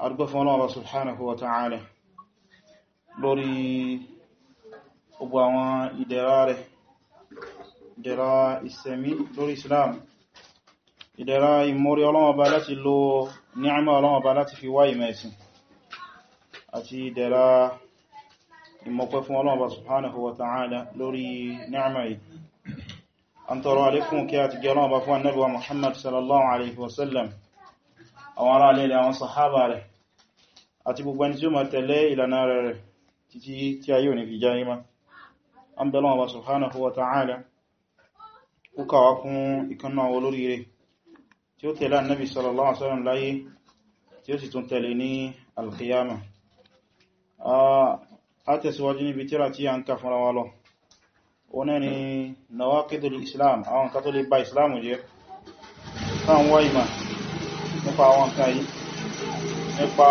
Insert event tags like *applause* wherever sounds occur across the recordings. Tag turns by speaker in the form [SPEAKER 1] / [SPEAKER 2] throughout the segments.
[SPEAKER 1] arúgbó fún ọlọ́wọ́ subhanahu wa ta'ala lórí gbogbo àwọn ìdẹ̀ra rẹ̀ ìdẹ̀ra ìsẹ̀mí lórí islam ìdẹ̀ra ìmórí ọlọ́wọ́ba láti lo ni'ma ọlọ́wọ́ba láti fi wá ìmẹ̀sìn àti ìdẹ̀ra ìmọ̀pẹ́ fún ọlọ́wọ́ba subhanahu wa ta'ala lórí ni'ma yìí an tọrọ alékún kí a ti gẹ́ ọlọ́wọ́ba fún annabuwa muhammad sallallahu alaihi wasallam àwọn ará alẹ́lẹ́ àwọn sahaba rẹ̀ àti gbogbo ẹni tí ó ma tẹ̀lé ìlànà rẹ̀ rẹ̀ títí tí ayé òní fi já yí ma an bẹ̀lọ́n ọba subhanahu wa ta'ala ó kàwà kún ìkanná àwọn olóríire tí ó tẹ̀lé annabi sallallahu alaihi wasallam láyé tí ó sì tún tẹ̀lé ní alkiyama nípa àwọn kan yìí nípa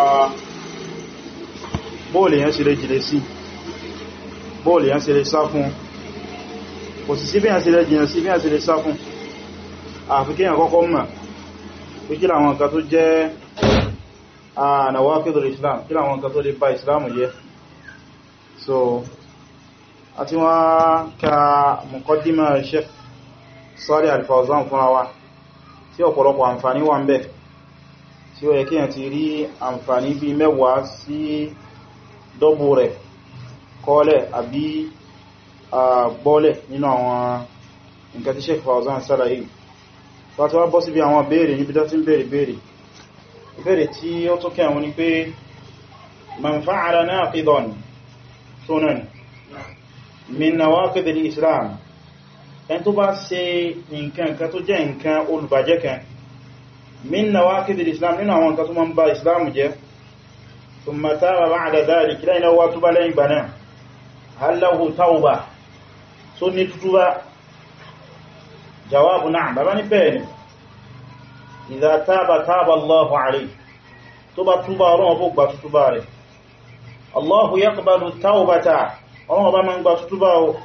[SPEAKER 1] bóòlù yẹn ṣe lè jìlẹ̀ sí bóòlù yẹn ṣe lè sá fún kò sì sí bí yẹn ṣe lè jìnà sí bí yẹn ṣe lè sá fún àfikíyàn kọ́kọ́ mọ̀ pé kí làwọn nǹkan tó jẹ́ nawaqidul islam kí làwọn nǹkan tó lè islam yẹ so àti wọ́n ka muqaddima sheikh Salih al-Fawzan fúnra wa tí ọ̀pọ̀lọpọ̀ àǹfààní wà ń bẹ tí ó yẹ kíyàn ti rí àǹfààní bí mẹ́wàá sí dọ́bù rẹ̀ kọ́ọ̀lẹ̀ àbí bọ́ọ̀lẹ̀ nínú àwọn nǹkan tí Sheikh Fawzan sálàyé pàtó wá bọ́ síbi àwọn béèrè níbi tó ti ń béèrè béèrè ìbéèrè tí ó tó kí àwọn ni pé man fa'ala naqidan sunan min nawaqid al-islam ẹn tó bá ṣe nǹkan kan tó jẹ́ nǹkan olùbàjẹ́ kan min nawaqid islam nínú àwọn nǹkan tó máa ń ba islam jẹ́ ثم تاب بعد ذلك لين هو لين بنا هل له توبة سنة توبة جواب نعم بمن بين إذا تاب تاب الله عليه توبة توبة ربك بتوبة الله يقبل التوبة ربما من بتوبة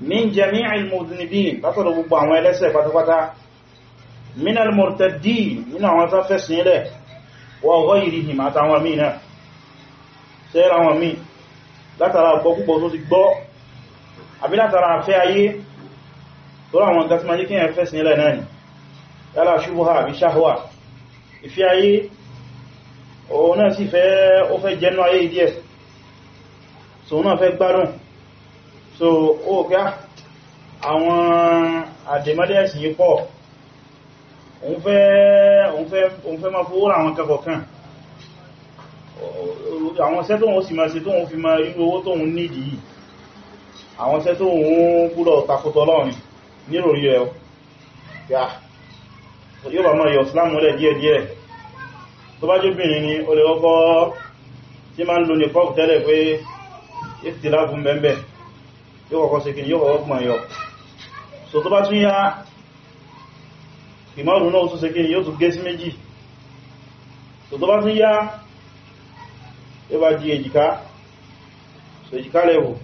[SPEAKER 1] من جميع المذنبين بطلوا ببعوا سبب فتفتا من المرتدين من عمتا فسنه wọ́n gọ́ ìrìhìm àtàwọn míì náà ṣẹ́ra wọn míì látara gbọ́ púpọ̀ tó ti gbọ́ àbí látara fẹ́ ayé tó ráwọn gasma jí kíyàn fẹ́ sínílẹ̀ náà ni yálà ṣubúhà àbí ṣáhùwà ìfẹ́ ayé òun náà sì fẹ́ ó fẹ́ ayé díẹ̀ so náà fẹ́ gbádùn so ó kẹ́ àwọn àdèmọ́lẹ́sì yìí pọ̀ òun fẹ́ òun fẹ́ òun fẹ́ máa fowó àwọn kẹkọ̀ọ́ kan àwọn ṣẹ́ tó wọ́n sì máa ṣe tó wọ́n fi máa irú owó tó wọ́n nídi yìí àwọn ṣẹ́ tó wọ́n gbúdọ̀ takótọ́ lọ́rin níròrí ẹ̀ yóò bá máa yọ ìsìlámù lẹ̀ díẹ̀díẹ̀ tó bá jóbìnrin ni o lè kọ́kọ́ tí máa ń lo nìkọ́ tẹ́lẹ̀ pé ìfìtìlágún bẹ́ẹ̀ yóò kọ́kọ́ sí kí yóò kọ́kọ́ pọ̀ yọ so tó bá tún yá ìmáàmù náà tún sẹ́kẹ́ yóò tún gẹ́ sí méjì so tó bá tún yá ẹ bá di èjìká so èjìká lẹ́wọ̀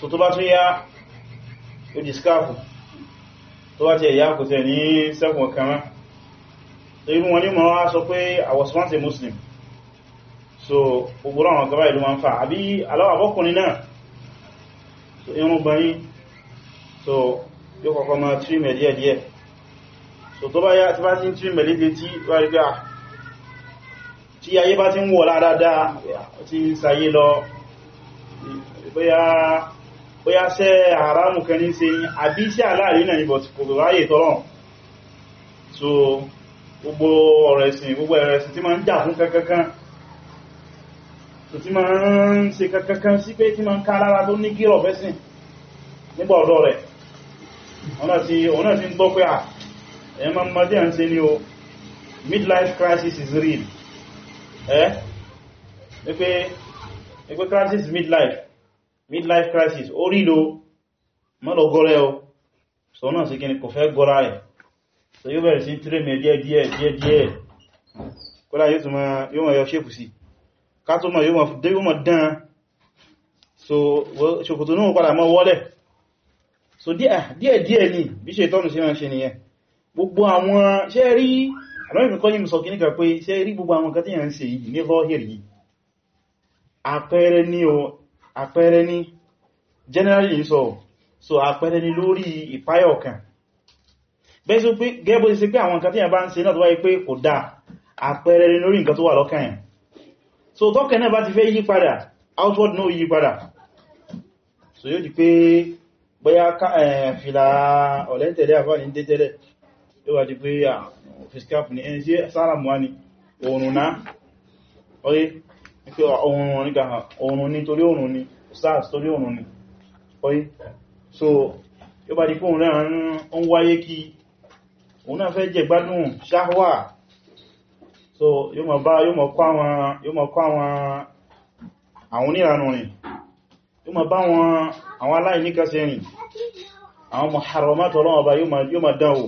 [SPEAKER 1] so tó bá tún yá ó di skáàfù tó bá ti ẹ̀yà kò tẹ̀ ní sẹ́kùn ọ̀kanmá so irú wọn ní mọ́ wá sọ pé I was once a Muslim so ogbòrò àwọn gaba ìlú wọn fà àbí aláwọ̀ náà so irun gbọ́nyí so yóò kọ̀kọ́ máa trim ẹ̀ díẹ̀díẹ̀ so tó bá yá tí bá ti ń tún mẹ̀lẹ́dẹ̀ tí wà rí gbá ah, tí ayé bá ti ń wọ̀ ládáadáa tí sàyé lọ bóyá ṣe àrámù kan ní ṣe ní àbí sí aláàrí náà níbọ̀ kò ráyè tọ́lọ̀ so gbogbo ọ̀rọ̀ ẹ̀sìn gbogbo ẹ̀rẹ̀ ẹ̀sìn tí ma ń jà fún kankankan so tí ma ń ṣe kankankan sí pé tí ma ń ká lára tó ní gírọ̀ fẹ́sìn nígbà ọ̀dọ́ rẹ̀ ọ̀nà tí ń gbọ́ pé à ah, ẹ ma mọ́dé à ń ṣe ní o midlife crisis is real ẹ́ wípé wípé crisis midlife midlife crisis ó rí lo mọ́lọ gọ́rẹ́ o so náà sí kíni kò fẹ́ gọ́rá ẹ̀ so yóò bẹ̀rẹ̀ sí tíré mẹ́ díẹ̀ díẹ̀ díẹ̀ díẹ̀ kọ́lá yóò tún mọ́ yọ ṣépù sí ká tó mọ́ yóò mọ́ dán so ṣòkòtò náà padà mọ́ wọ́lẹ̀ so díẹ̀ díẹ̀ ah, ni bí ṣe tọ́nù sí máa ṣe nìyẹn gbogbo àwọn ṣe rí àlọ́ìfikọ́ yìí sọ kìníkà pé ṣe rí gbogbo àwọn kan tí yà ń ṣe yìí ní lọ́hìrì yìí àpẹẹrẹ ní o àpẹẹrẹ ní generally sọ so àpẹẹrẹ ní lórí ìpáyọ̀ kan gẹ́gbó ṣe pé àwọn kan tí yà bá ń ṣe náà tó wáyé pé kò dá àpẹẹrẹ so tọ́kẹ̀ náà bá ti fẹ́ yí outward náà yí padà so yóò di pé bóyá eh, fìlà ọ̀lẹ́tẹ̀lẹ́ àfáà ní dé tẹ́lẹ̀ yóò wá di pé à fiskap ní ẹni tí sára mọ́ ní oòrùn náà oye pé oòrùn ní kàhà oòrùn ní torí oòrùn ní sars torí oòrùn ní oye so yóò bá di pé òun náà ń wáyé kí òun náà fẹ́ jẹ gbádùn ṣáhwà so yóò mọ̀ bá yóò mọ̀ kọ́ àwọn àwọn oníranù rìn yóò mọ̀ bá àwọn aláìníkàsẹ̀ rìn àwọn mọ̀ haramátọ̀ ọlọ́wọ̀ bá yóò mọ̀ dánwò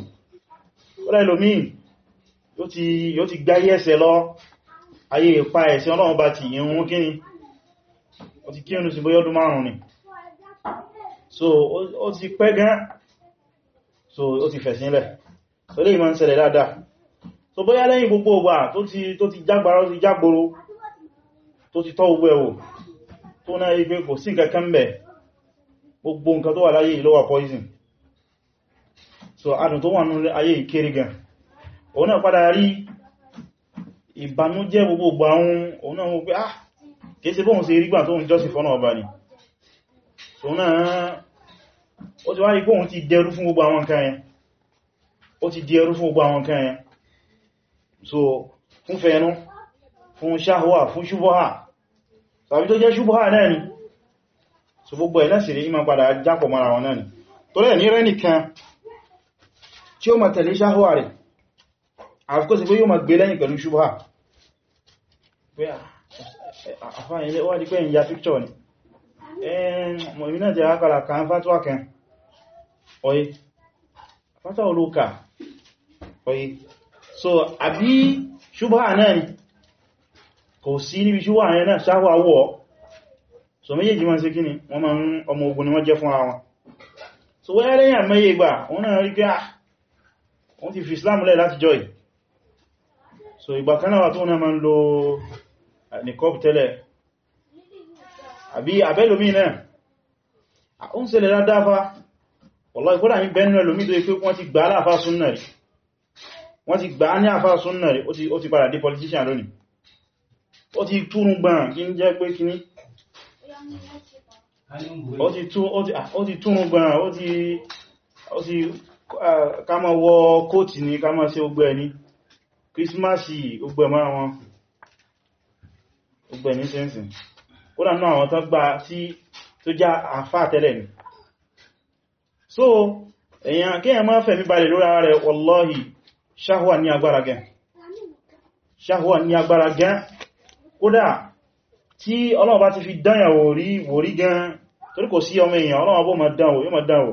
[SPEAKER 1] kọ́lá ilomi yóò ti gbáyé ẹsẹ̀ lọ ayé ipa ẹ̀sẹ̀ ọlọ́run bá ti ìrun kíni ó ti kírun sí bóyá ọdún márùn-ún ni so ó ti pẹ́ gan so ó ti fẹ̀sínlẹ̀ so lè máa ń ṣẹlẹ̀ dáadáa so bóyá lẹ́yìn gbogbo ọgbà tó ti jágbára ó ti jágboro tó ti tọ́ ogbó ẹ̀wò tó náà igbe kò sí nǹkan kan bẹ̀ gbogbo nǹkan tó wà láyé ìlówà poison so adùn tó wà ní ayé ìkéré gan òun náà padà rí ìbànújẹ́ gbogbo gbàun òun náà wọ́n pé ah kéèsè bóhun sí rígbà tó ń jọ́sìn fọ́nà ọba ni so náà ó ti wá rí bóhun ti dẹrú fún gbogbo àwọn nǹkan yẹn ó so fún fẹ́ẹ̀nú fún ṣáhùwà fún ṣubọ́hà tàbí tó jẹ́ so gbogbo ẹ̀ lẹ́sìrì ìmọ̀ padà mara wọn ni torí ẹ̀ ní rẹ́ nìkan tí ó ma tẹ̀lé ṣáhúwà rẹ̀ àfikọ́sí pé yóò ma gbé lẹ́yìn pẹ̀lú ṣubha pé ah, àfáàyìn ilé wá di pé ìyá píkṣọ̀ ni mọ̀ yìí náà jẹ́ àkàrà kan fátúwà kan ọ̀yí fátúwà olóka ọ̀yí so àbí ṣubha náà ni kò sí níbi ṣubha rẹ̀ so méjèèjì ma ń ṣe kíni wọ́n ma ni wọ́n jẹ́ so wẹ́rẹ́yàn mẹ́yẹ gbà òun náà rí pé ah wọ́n ti fi islam lẹ́ láti jọ́ so ìgbà kanáwà tó náà ma ń lo eh, nìkọ́bù tẹ́lẹ̀ àbí abẹ́lómi náà ó ń ṣẹlẹ̀ ládáfà wallahi ìkọ́dà ní bẹ́ẹ̀nù ẹlòmí tó ikú wọ́n ti gbà á láàfà súnnà rí wọ́n ti gbà á ní àfà súnnà rí ó ti padà di politician lónìí ó ti túrún gbọ́n kí ń jẹ́ pé kíní ó ti túrún gbọ́n ó ká máa wọ kóòtì ní ká máa ṣe ogbẹ̀ ní kírísímásì ogbẹ̀ mọ́ra wọn ogbẹ̀ ní sẹ́nsìn ó dà náà àwọn tó gbá tí tó já àfá tẹ́lẹ̀ ni so èyàn kéèyàn máa fẹ̀mí balẹ̀ lórí ara rẹ̀ wallahi ṣáhùwà ní agbára gẹn ṣáhùwà ní agbára gẹn kódà tí Ọlọ́run bá ti fi dányàwó rí wòrí gẹn torí kò sí ọmọ èèyàn Ọlọ́run bó dánwò yóò ma dánwò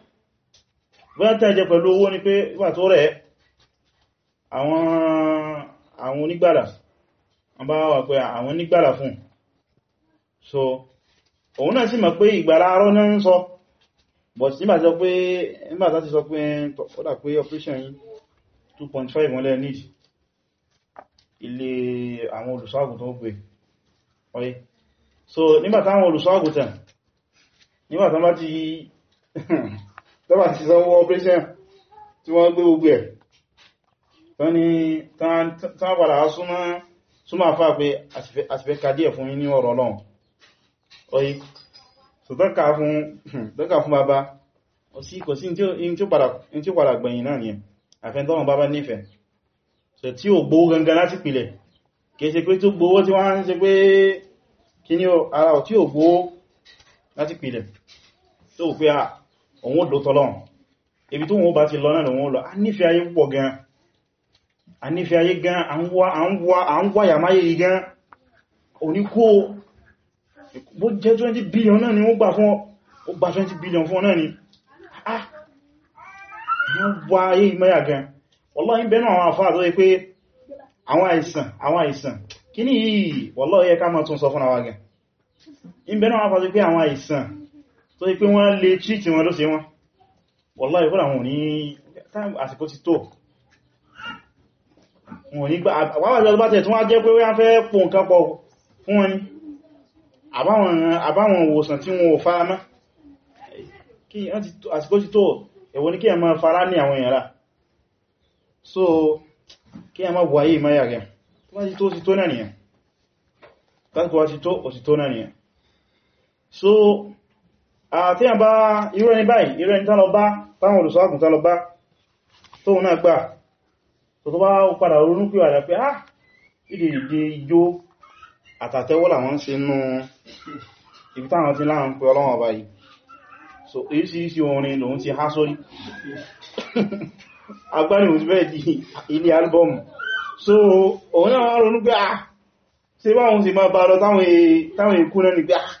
[SPEAKER 1] bóyá tẹ́ẹ̀jẹ pẹ̀lú owó ni pé wà tó rẹ̀ àwọn onígbàlà wọ́n bá wà pé àwọn onígbàlà fún so òun náà sì mọ̀ pé ìgbàlà arọ́ náà ń sọ but nígbàtí sọ pé nígbàtí láti sọ pé ọ̀dà pé operation 2.5 wọ́n lẹ́ need ilé àwọn olùṣọ́àgùtàn ó gbé ọyé so nígbàtí àwọn olùṣọ́àgùtàn nígbàtí wọ́n bá ti *laughs* tó bá ti sanwó operation tí wọ́n gbé gbogbo ẹ̀ tán ni tán padà súnmọ́ àfá pé àsìfẹ́ kàdíẹ̀ fún yín ní ọ̀rọ̀ náà oyi so tọ́ka fún bàbá sí kò sí in tí ó padà gbẹ̀yìn náà nìyẹn àfẹ́ntọ́wọ̀n bàbá nífẹ̀ẹ́ so tí ó gbówó gangan láti pìlẹ̀ kìí ṣe pé tó gbówó tí wọ́n ń ṣe pé kí ní ara ọ̀ tí ó gbówó láti pìlẹ̀ tó pé òun lò tọ́lọ́run ibi tó wọ́n bá ti lọ náà lọ a nífẹ́ ayé a nífẹ́ ayé gan a ń wá yàmáyé gan oníkó bó jẹ́ 20 billion náà ni wọ́n gbà fún ó gbà 20 billion fún náà ni ah wọ́n wá ayé gan wallahi bẹ́nu àwọn àfáà tó pé àwọn àìsàn àwọn àìsàn kí ní yìí wallahi yẹ ká mọ́ tún sọ fún àwọn tó yí pé wọ́n lè tríìtì wọn ló ṣe wọn wallahi ìfọ́nà wọn ní àsìkò ti tó wọn ní gbá àwáwàjọ́ bá tẹ̀ tún wá jẹ́ pé wọ́n fẹ́ pò nǹkan pọ̀ fún wọn ni àbáwọn òwòsàn tí wọn ò fara mọ́ kí àsìkò ti tó èwo ní kí ẹ máa fara ní àwọn èèyàn rà so kí ẹ máa wà yìí máa yàgẹ̀ tó bá ti tó ti tó náà nìyàn tí a bá irú ẹni báyìí irú ẹni tánlọ bá táwọn olùsọ́gùn tánlọ bá tó náà gbà tó tó bá padà ronú pé àdá pé ah ìdè ìdè ijó àtàtẹ́wọ́ làwọn ṣe nú ibi táwọn ti láàrín pé ọlọ́wọ̀n báyìí so èyí sí sí orin lòun ti há sórí *laughs* agbáni òun ti bẹ́ẹ̀ di ilé albọ́mù so òun náà ronú pé ah ṣe báwọn ti máa bá lọ táwọn èkú náà ni pé ah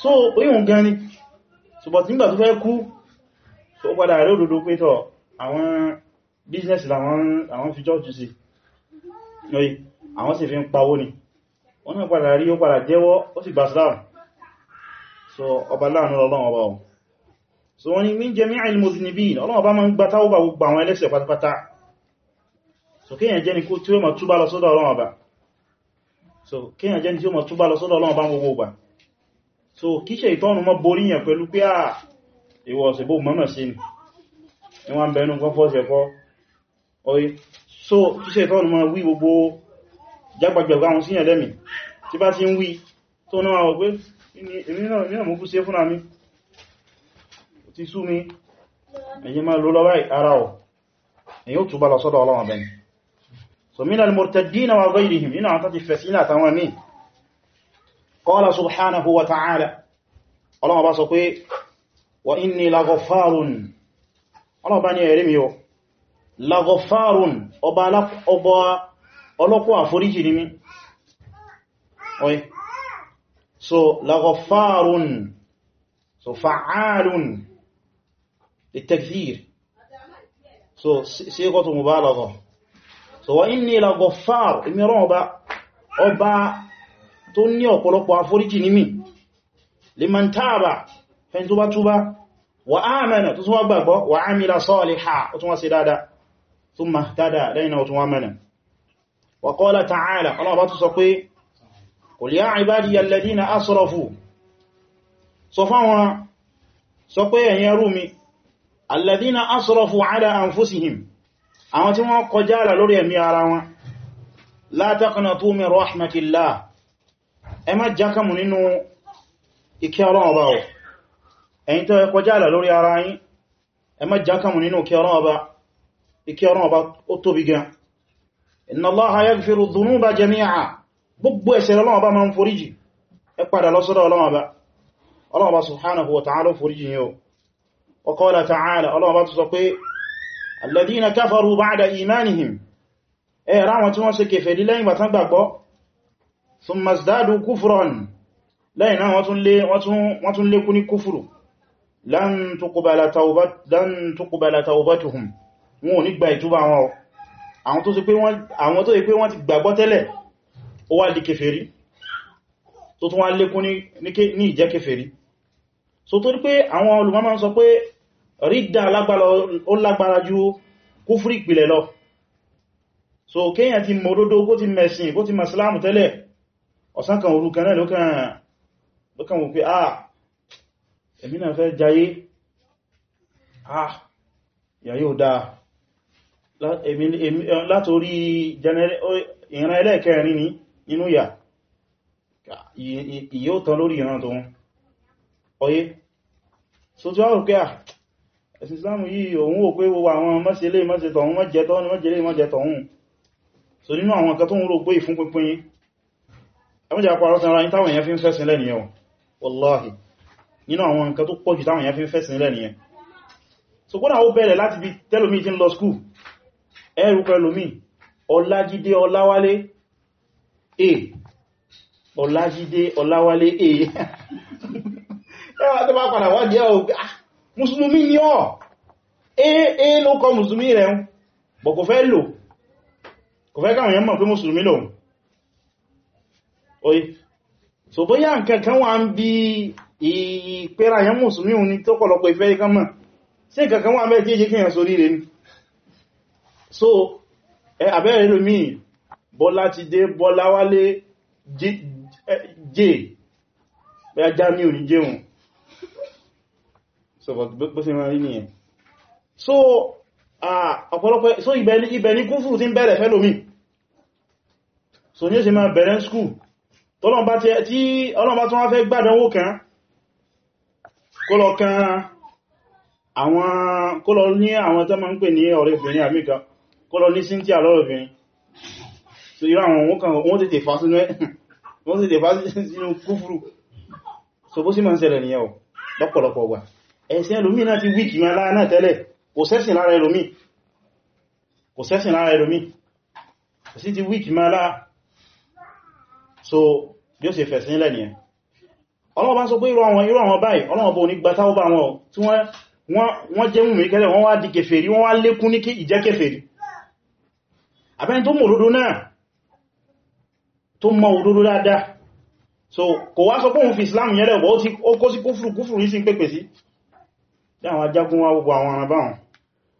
[SPEAKER 1] so oyún gan ni ṣùgbọ́n tí nígbà tó fẹ́ kú so ó padà rẹ̀ òdòdó pé tọ́ àwọn business làwọn fi church sí lóyí àwọn sì fi ń pawó ni wọ́n náà padà rí ó padà jẹ́wọ́ ó sì gbàsíláà so ọba láàánú ọlọ́run ọba ọ̀ so wọ́n ni min jami'il mudhnibin ọlọ́run ọba ma ń gba táwọ́bà gbogbo àwọn ẹlẹ́ṣẹ̀ pátápátá so kíyàn jẹ́ ni kó tí ó ma túbá lọ sọ́dọ̀ ọlọ́run ọba so kíyàn jẹ́ ni tí ó ma túbá lọ sọ́dọ̀ ọlọ́run ọba gbogbo so kíṣẹ̀ ìtọ́nù mọ́ borí yẹn pẹ̀lú pé à ah, ìwọ̀ ọ̀sẹ̀bó mọ́mọ̀ sí ni wọ́n bẹnu kọ́fọ́ ṣẹ̀kọ́ oye so kíṣẹ̀ ìtọ́nù mọ́ wí gbogbo jágbàjọ̀gbà àwọn síyàn lẹ́mì tí bá ti ń wí tó náà wọ́n sí qala subhanahu wa ta'ala ọlọ́wọ́ bá sọ pé wa inni lagọfárun ọlọ́wọ́ bá ní ẹ̀rí mi yọ lagọfárun ọba ọlọ́pọ̀ àforíjì ní mi ọ̀yí so lagọfárun so fa'alun litakthir so síkọ́tù mubalagha so wa inni lagọfár ìmìíràn ọba tó ní ọ̀pọ̀lọpọ̀ àforíjì ní mi liman taaba fẹ́ tó bá túbá wa amana tó tún wá gbàgbọ́ wa amila saliha ó tún wá ṣe dáadáa thumma ihtada lẹ́yìn náà ó tún wá mẹ́nà wa qala ta'ala ọlọ́ọ̀bá tó sọ pé qul ya ibadiya alladhina asrafu sọ fáwọn sọ ẹ má jákàmù nínú ìkẹ́ ọba ọ̀ ẹ̀yin tó kọjá àlà lórí ara yín ẹ má jákàmù nínú ọba ìkẹ́ ọlọ́run ọba ó tóbi gan inna Allaha yaghfiru dhunuba jami'a gbogbo ẹ̀ṣẹ̀ ọlọ́run ọba máa ń foríjì ẹ padà lọ sọ́dọ̀ subhanahu wa wa imanihim thumma izdadu kufran lẹ́yìn náà wọ́n tún lékún ní kúfùrù lan tuqbala tawbatuhum wọn ò ní gba ìtúbà wọn àwọn tó sì pé wọ́n ti gbàgbọ́ tẹ́lẹ̀ ó wá di kèfèrí tó tún wá lékún ní ìjẹ́ kèfèrí so tó rí pé àwọn olùmọ́mọ́ sọ pé rídà ó lágbára ju kúfùrù ìpìlẹ̀ lọ so kéèyàn ti mọ̀ òdodo kó ti mẹ̀sìn kó ti mọ̀ sílámù tẹ́lẹ̀ ọ̀sán kan orúkẹ náà lókàn wò pé ah èmi náà fẹ́ jayé ah yàyí ò dáa látorí ìran ẹlẹ́ẹ̀kẹrin ní inú yà ìyẹ́ ò tán lórí ìran tó wọn ọyé so tí wá rò pé à ah, ẹ̀sìn Islam yìí òun ò pé gbogbo àwọn mọ́sílé mọ́sílé tọ̀hún mọ́jẹ́ tọ́hún mọ́jẹ́ tọ̀hún so nínú àwọn kan rò pé ìfúnpínpín ẹmọ́jà pàrọ̀ tán ra ní táwọn èèyàn fi ń fẹ́sìn wallahi nínú àwọn nǹkan tó pọ̀jù táwọn èèyàn fi ń fẹ́sìn lẹ́nìyàn so kódà ó bẹ̀rẹ̀ láti bí tẹ́lómí tí ń lọ skúù ẹrù pẹ̀lómí ọlájídé ọláwálé a ọlájídé ọláwálé a *laughs* ẹwà tó bá padà wá díẹ̀ ògbé ah, mùsùlùmí ni ọ́ a ló kọ mùsùlùmí rẹ̀ bọ̀ kò fẹ́ lò kò fẹ́ káwọn èèyàn mọ̀ pé mùsùlùmí lòun oye so bóyá nǹkan kan wà ń bí ìpẹ́ra yẹn mùsùlùmí òní tó pọ̀lọpọ̀ ìfẹ́ ikán mọ̀ sí nǹkan kan wà ń bẹ́ tí èjì kíyàn sórí rẹ̀ ní so ẹ abẹ́rẹ̀ lómi bọ́lá ti dé bọ́lá wálé jẹ́ bẹ́yà já ní òní jẹun so bó ṣe máa rí nìyẹn so ọ̀pọ̀lọpọ̀ so ibẹ̀ ní kúfù ti ń bẹ̀rẹ̀ fẹ́ lómi so ní ó ṣe máa bẹ̀rẹ̀ skúù tọ́lọ́mbá tí ọlọ́mbá tó wá fẹ́ gbádánwò kan kólọ kan àwọn kólọ ní àwọn tó máa ń pè ní ọ̀rẹ́bìnrin àmìkà kólọ ní Cynthia lọ́rọ̀bìnrin so irú àwọn òun kan wọ́n tètè fà sínú ẹ̀ *laughs* wọ́n tètè fà sínú kúfúrú so bó sì máa ń ṣẹlẹ̀ nìyẹn o lọ́pọ̀lọpọ̀ gbà ẹ̀sìn ẹlòmí náà ti wíkì máa láà náà tẹ́lẹ̀ kò sẹ́sìn lára ẹlòmí kò sẹ́sìn lára ẹlòmí kò so bí ó ṣe fẹ̀sí nílẹ̀ nìyẹn ọlọ́wọ́ bá sọ pé irú àwọn irú àwọn báyìí ọlọ́wọ́ bó ní gba táwọ́bà wọn tí wọ́n jẹ́ mú mi kẹ́lẹ̀ wọ́n wá di kèfèrí wọ́n wá lékún ní ìjẹ́ kèfèrí àbẹ́ni tó mọ̀ òdodo náà tó mọ̀ òdodo dáadáa so kò wá sọ pé òun fi Islam yẹ́lẹ̀ ọ̀bọ̀ ó kó sí kúfùrù kúfùrù ní sí pépè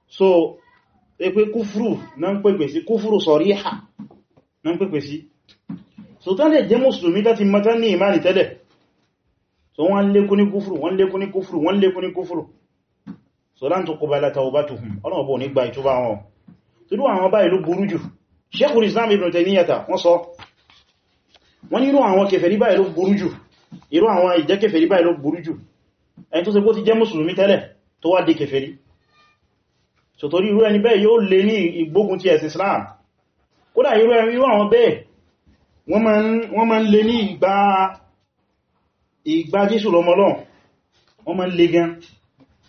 [SPEAKER 1] so pé kúfùrù náà ń pépè sí kúfùrù so tán lè jẹ́ mùsùlùmí láti mọ́tán ní ìmáni tẹ́lẹ̀ so wọ́n lékún ní kúfùrù wọ́n lékún ní kúfùrù wọ́n lékún ní kúfùrù so lan tuqbala tawbatuhum ọlọ́wọ́ bó nígbà ìtúbà wọn tìrú àwọn báyìí ló burú jù Sheikhul Islam Ibn Taymiyyah wọ́n sọ wọ́n nírú àwọn kèfèrí báyìí ló burú jù irú àwọn ìjẹ́ kèfèrí báyìí ló burú jù ẹni tó ṣe bó ti jẹ́ mùsùlùmí tẹ́lẹ̀ tó wá di kèfèrí so torí irú ẹni bẹ́ẹ̀ yóò lè ní ìgbógun ti ẹ̀sìn Islam kódà irú ẹni irú àwọn bẹ́ẹ̀ wọ́n ma ń lè ní ìgbà ìgbà Jésù lọmọlọ́n wọ́n ma ń lè gan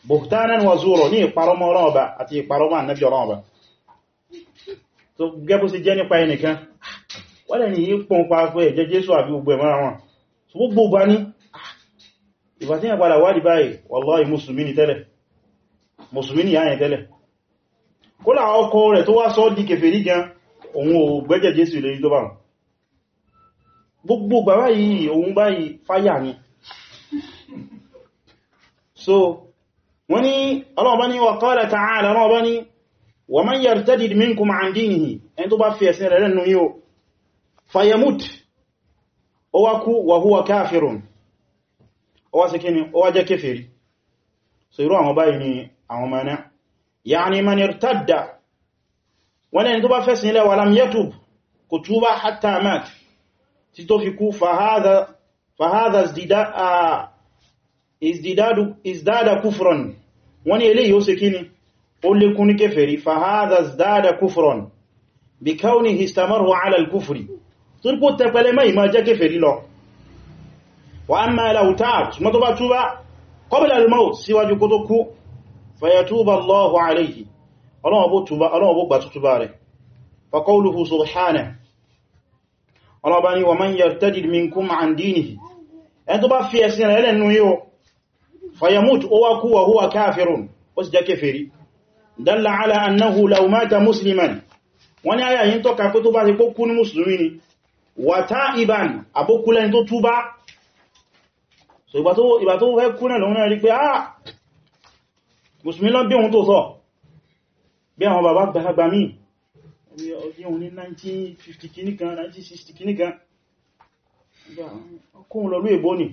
[SPEAKER 1] buhtanan wa zura ní ìparọ́mọ́ ọlọ́ọ̀bá àti ìparọ́mọ́ ànábí ọlọ́ọ̀bá tó gẹ́bù sí jẹ́ nípa ẹnìkan wọ́n lẹ́ni yí pọ́n pa pé ẹ̀jẹ́ Jésù àbí gbogbo ẹ̀mọ́ra wọn tó gbogbo bá ní ìgbà tí yẹn padà wádìí báyìí wallahi wọn gbogbo gbàrá yìí òun báyìí fáyà ni so wọ́n ni ọlọ́ọ̀bá ní wa qala ta'ala ọlọ́ọ̀bá ní wa man yartadid minkum an dinihi ẹni tó bá fi ẹ̀sìn rẹ̀ rẹ̀ yóò fayamut ó wá kú wa huwa kafirun ó wá síkí ni ó wá jẹ́ kéfèrí so irú àwọn báyìí ni àwọn mẹ́nà ya'ni man irtadda wọ́n ni tó bá fẹ́sìn ilẹ̀ wa lam yatub kò túbá hatta mat tí tó fi kú fahadha izdada kufron wọ́n ní eléyìí ó ṣe kíni ó lékún ní kèfèrí fahadha izdada kufron bí káwùní istamarhu ala al-kufri tó rípò tẹpẹlẹ mẹ́ ìmá jẹ́ kèfèrí lọ wa amma law taab mọ́ tó bá túbá qabla al-mawt síwájú kó tó kú fayatuba Allahu alayhi ọlọ́wọ́ bó rẹ̀ fa qawluhu ọlọ́ba ni wa man yartadid minkum an dinihi ẹni tó bá fi ẹ̀sìn rẹ̀ lẹ́nu yíò fayamut ó wá kú wa huwa kafirun ó sì jẹ́ kèfèrí dalla ala annahu law mata musliman wọ́n ni ayà yìí tọ́ka pé tó lọ ah, bí òun tó sọ bí àwọn bàbá gbàmí ọdún ní 1950 kìíní 1960 kìíní kóhun lọ́lú èbó ni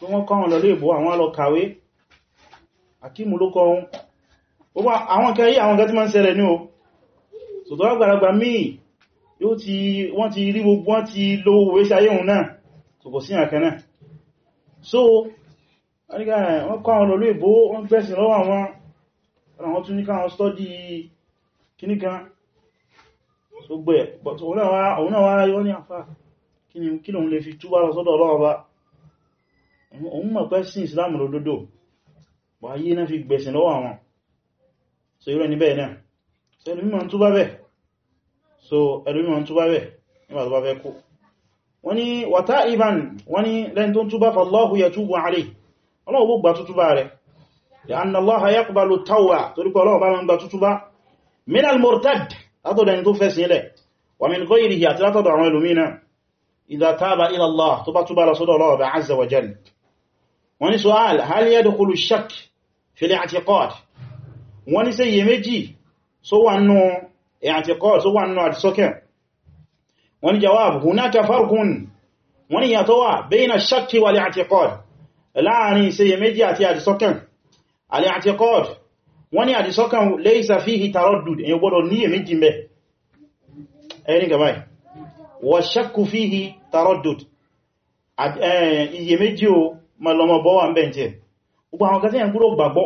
[SPEAKER 1] tó ló kọ́ ohun gbogbo àwọn kẹ́ yí àwọn kẹ́ tí ń ṣẹlẹ̀ ní o sọ̀tọ́ àgbàlagbà míì yóò ti wọ́n ti rí gbogbo wọ́n ti lo owó ṣayé òun náà sọ̀kọ̀ sí àkẹ́ so eh, wọ́n kọ́ àwọn lọ́lú èbó wọ́n gbẹ̀sìn lọ́wọ́ àwọn tún ní káwọn gbogbo ẹ̀ but òun náà wá yọ́ ní àfá kí lòun lè fi túbá lọ sọ́dọ̀ ọlọ́ọ̀bá òun mọ̀ pẹ́ sí Islam lódódó wà yí náà fi gbẹ̀sìn lọ́wọ́ àwọn so irú ẹni bẹ́ẹ̀ náà so ẹlùmímọ̀ ń túbá bẹ́ẹ̀ so ẹlùmímọ̀ ń túbá bẹ́ẹ̀ nígbà tó bá fẹ́ kú wọ́n ni wàtá iban wọ́n ni lẹ́ni tó ń túbá fallahu yatubu alayhi ọlọ́wọ́ gbogbo gbà tútúbá látọ̀dọ̀ ẹni tó fẹ́sìn ilẹ̀ wa min ghayrihi àti látọ̀dọ̀ àwọn ẹlòmínà idha taba ila Allah tó bá túbá lọ sọ́dọ̀ Ọlọ́run bá azza wa jalla wọ́n ní su'al hal yadkhulu shakk fi al-i'tiqad wọ́n wọ́n ní àdìsọ́kàn laysa fihi taraddud èyàn gbọ́dọ̀ ní èméjì mẹ́ ẹni gaba wa shakku fihi taraddud iyèméjì o ma lọmọ bọ́ wà ń bẹ̀ jẹ́ gbogbo àwọn kan tí yẹn gbọ́dọ̀ gbàgbọ́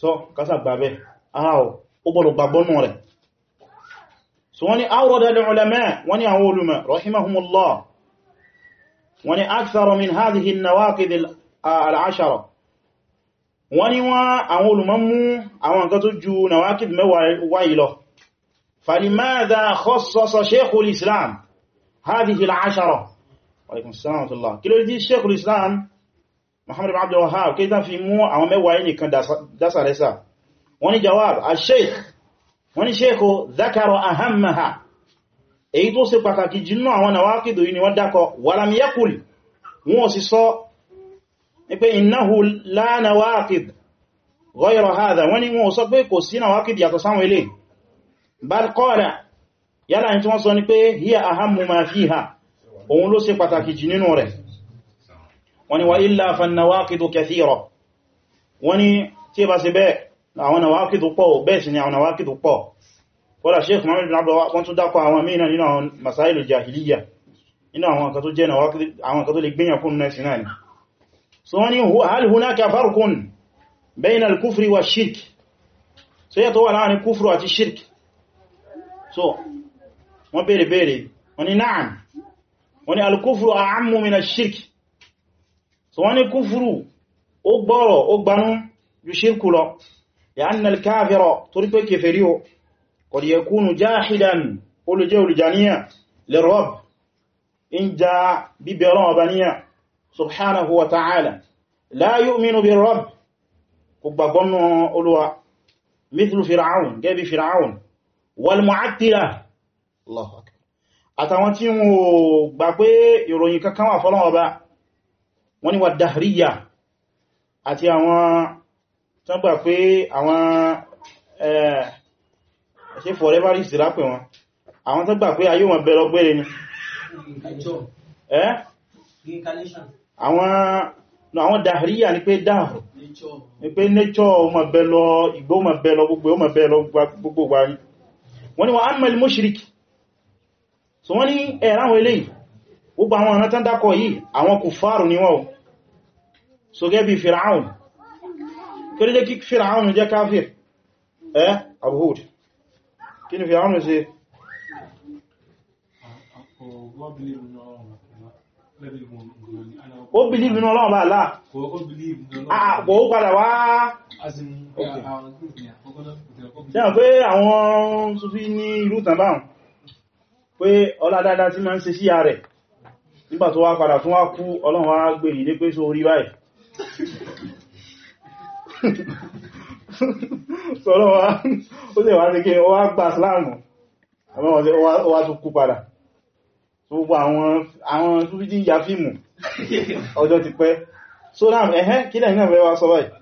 [SPEAKER 1] so kásà gbàbẹ́ ààwọ̀ ó gbọ́dọ̀ gbàgbọ́ so wọ́n ni awrada al-ulama wọ́n ni àwọn olùmọ̀ rahimahumullah wọ́n ni akthar min hadhihi an-nawaqid al-ashara wọ́n ni wọ́n àwọn olùmọ̀ mú àwọn nǹkan tó ju nawaqid mẹ́wàá yìí lọ falimadha khassasa shaykhul islam hadhihi al-ashara wa alaykum assalam wa rahmatullah kí ló dí shaykhul islam muhammad ibn abdul wahhab fi mú àwọn mẹ́wàá yìí nìkan dásàrẹ́sà wọ́n ni jawab al-shaykh wọ́n ní ṣékò zakaro ahammaha èyí tó ṣe pàtàkì jínú àwọn nàwákìdò yìí ni wọ́n dákọ walam yakul wọ́n sì sọ pé innahu la nawaqid ghayra hadha wọ́n ní wọ́n sọ pé kò sí nàwákìdì yàtọ̀ sáwọn ilé àwọn nàwákìtù pọ̀ bẹ́ẹ̀ sí ni àwọn nàwákìtù pọ̀ kọ́lá sheikh mohamed bin abdullahi wọ́n tún dákọ̀ àwọn mìíràn nínú àwọn masáìlù jahiliya nínú àwọn kan tó jẹ́ àwọn kan tó lè gbìyàn kún náà sinai ni so wọ́n ni hal hunaka farqun bayna al-kufri wa shirk so yàtọ̀ wà láàrin kúfùrù àti shirk لأن الكافر طريق كفريو قد يكون جاحدا قل جو الجانية للرب إن جاء ببرابانية سبحانه وتعالى لا يؤمن بالرب قبقن ألوى مثل فرعون جاب فرعون والمعتلة الله أكبر àtàwọn tí wọ́n gbà pé ìròyìn kankan wà fọ́lọ́wọ́ bá tán gbà pé àwọn ṣe foreverist lápẹ̀ wọn àwọn tán gbà pé ayé wọn bẹ̀rọ gbẹ̀rẹ̀ ni àwọn dahriya ni pé dahru ni pé nature ọmọ bẹ̀lọ ìgbó ọmọ bẹ̀lọ gbogbo ọmọ bẹ̀lọ gbogbo wa ni wọ́n ni wọ́n anmal mushriki so wọ́n ni ẹ̀ráwọn eléyìí gbogbo àwọn ọ̀nà tán dákọ̀ yìí àwọn kùfààrù ni wọ́n so gẹ́bí Fir'aun tó lé jẹ́ kí Fir'aun jẹ́ káfíìr ẹ́ Abu Hud kí ni Fir'aun ṣe ó believe nínú ọlọ́run bá láà kò ó padà wá ṣẹ́yàn pé àwọn Sufi ní ìlú tàbáhùn pé ọlá dáadáa tí ma ń ṣe síyà rẹ̀ nígbà tó wá padà tún wá kú ọlọ́run wá gbèrè ní e pé só orí báyìí sọ́rọ̀ wá ó sì wá ní kí ó wá gba síláàmù àwọn ọ̀sẹ̀ ó wá tún kú padà gbogbo àwọn súnfíjì ya fíìmù ọjọ́ ti pẹ́ so náà ẹ̀hẹ́ kí lẹ́yìn náà fẹ́ wá sọ báyìí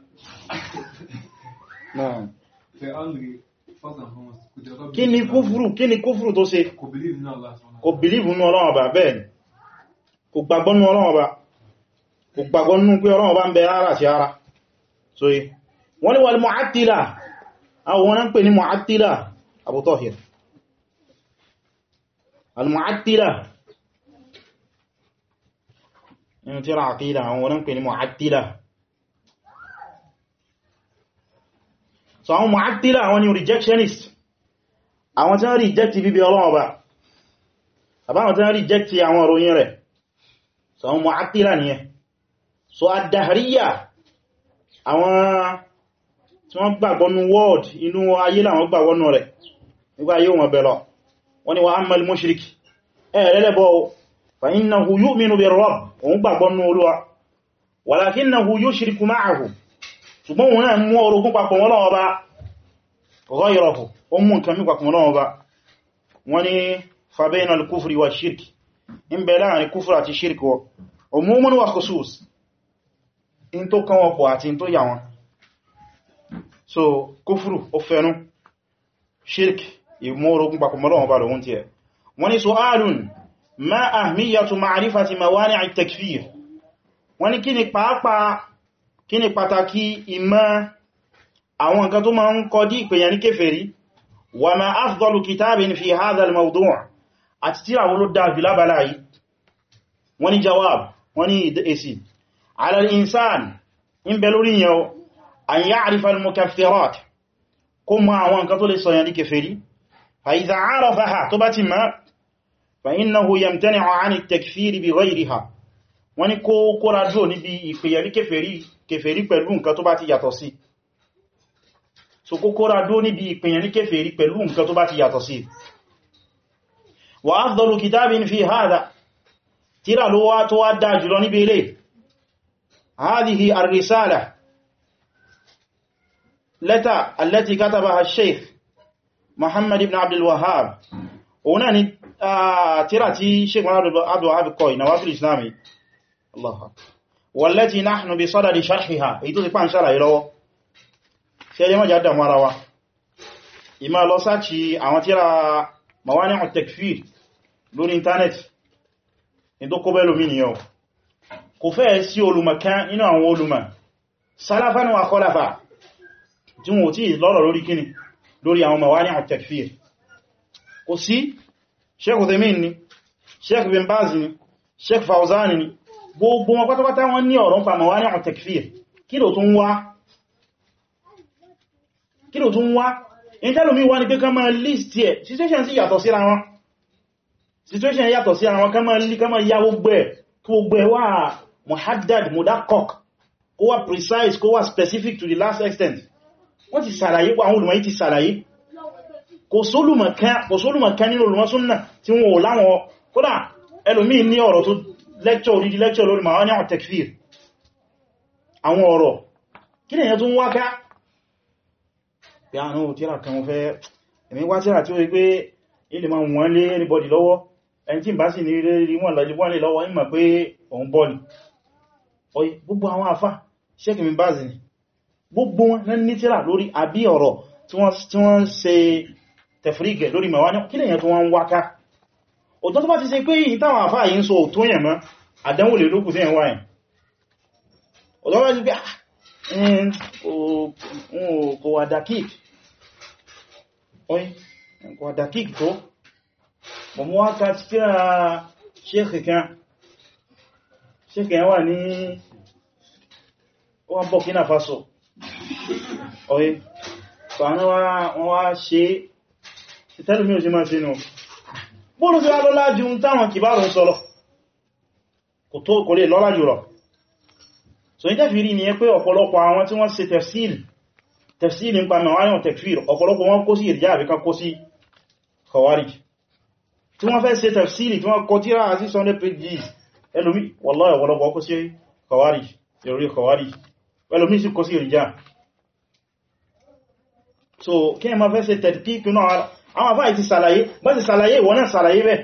[SPEAKER 1] kí ni kúfùrù kí ni kúfùrù tó ṣe kò bìlìbù ní ọlọ́run ọba bẹ́ẹ̀ ni kò gbàgbọ́ ní ọlọ́run ọba kò gbàgbọ́ nínú pé ọlọ́run ọba ń bẹ ara sí ara so eh, wọ́n ni wal mu'attila àwọn wọ́n pè ní mu'attila Abu Tahir al mu'attila inú tíra àkídà àwọn wọ́n pè ní mu'attila so àwọn mu'attila àwọn ni rejectionist àwọn tí wọ́n reject bíbí Ọlọ́run ba àbáwọn tí wọ́n reject àwọn òròyìn rẹ̀ so àwọn mu'attila nìyẹn so ad àwọn tí wọ́n gbàgbọ́ nú world inú ayé làwọn gbàgbọ́ nú rẹ̀ nígbà yíò wọn wọ́n ni wa ammal mushrik ẹ̀rẹ́lẹ́bọ̀ fa innahu yu'minu bir rabb òun gbàgbọ́ nú olúwa huyu na bẹ̀ láàrin in tó kán wọn pọ̀ àti in tó yà wọn so kúfùrù ó fẹ́nu shirk ìmọ́rogún papọ̀mọ́lọ́wọ́n bá lòun ti ẹ̀ wọ́n ni so alun ma ahmiyatu ma'rifati mawani'i at-takfir wọ́n ni kí ni pàápàá kí ni pàtàkì ìmọ̀ àwọn nǹkan tó máa ń kọ́ dí ìpèyàn ní kéfèrí wa ma afdalu kitabin fi hadha al àti tí àwọn olódà fi lábàlá yìí wọ́n ni jawab wọ́n ni èsì على الإنسان إن in أن يعرف yẹn o an ya'rifa al-mukaffirat فإذا عرفها àwọn ما فإنه lè عن التكفير بغيرها fa idha 'arafaha tó bá ti mọ̀ fa innahu yamtani'u 'an at-takfiri bi ghayriha wọ́n ni kó kóra jò níbi ìpèyàrí kèfèrí pẹ̀lú nǹkan tó bá ti yàtọ̀ sí so kó kóra jò níbi ìpèyàrí kèfèrí pẹ̀lú nǹkan tó bá ti yàtọ̀ sí wa afdalu kitabin fi hadha tírà ló wá tó wá dáa jùlọ níbi هذه الرسالة لتا التي كتبها الشيخ محمد بن عبد الوهاب هنا تراتي الشيخ محمد بن عبد الوهاب قوي نوافل الإسلامي الله والتي نحن بصدد شرحها ايتو سيبان شرع يلو سيجي ما جادة مراوا إما لساتي ساتي àwọn tírà موانع التكفير lórí internet ni tó kó bẹ́lòmí nìyàn kò fẹ́ sí olùmọ̀kán inú àwọn olùmọ̀ sálafán wa kọ́lafà tí wọ́n tí lọ́rọ̀ lórí kíni lórí àwọn mawani at-takfir kò sí sheikh uthaymin ni sheikh bin baz ni sheikh fawzan ni gbogbo wọn pátápátá wọn ní ọ̀rọ̀ nípa mawani at-takfir kí ló tún wá kí ló tún wá in tẹ́lùmí wá ní pé kan máa list gbogbo ẹ̀ muhaddad mudakok kó wà precise kó wà specific to the last extent wọ́n ti sàlàyé pọ̀ àwọn olùmọ̀ ti sàlàyé kò sólùmọ̀ kan nínú olùmọ̀ súnnà tí wọ́n ò láwọn kódà ẹlòmí ní ọ̀rọ̀ tó lecture orí lecture lórí ma wọ́n ní àtẹ̀kfír àwọn ọ̀rọ̀ kí lèyàn tó ń wáká pé àwọn ah, tíra kan wọ́n fẹ́ ẹ̀mí wá tíra tí ó rí pé ilẹ̀ ma wọ́n lé anybody lọ́wọ́ gbogbo àwọn àfá ṣẹ́kì mi bázi ni gbogbo wọn náà ní tíra lórí àbí ọ̀rọ̀ tí wọ́n ṣe tẹ̀fríkẹ̀ lórí mẹ́wàá náà kí lè yẹn tó wọ́n wáká òtọ́ tó bá ti ṣe pé yìí táwọn àfá yìí ń sọ òtó yẹn mọ́ àdánwò lè lókù sí ẹ̀wà yẹn òtọ́ bá ti pé ah, kò wà dàkík tó mọ̀ mọ́ wá ká tíra ṣe kìkan ṣékè wà ní wọ́n bọ̀ kí náà fásọ ọ̀yẹ́ fàánà wọ́n wá ṣe tẹ́lùmí ò sí máa ṣe nù bóòlù tí wá lọ́lá jù ń táwọn kìbárùn sọ́lọ̀ kò tó kò lè lọ́lá jùlọ so tí wọ́n fẹ́ ṣe tafsil tí wọ́n kọ tíra sí 100 pages ẹlòmí wallahi ọ̀pọ̀lọpọ̀ kó sí kọwàrí ìròrí kọwàrí ẹlòmí sí kó sí ìrìjá so kí ẹ ma fẹ́ ṣe tẹ̀dìkì kí náà àwọn afá ìti sàlàyé bá ti sàlàyé ìwọ náà sàlàyé bẹ́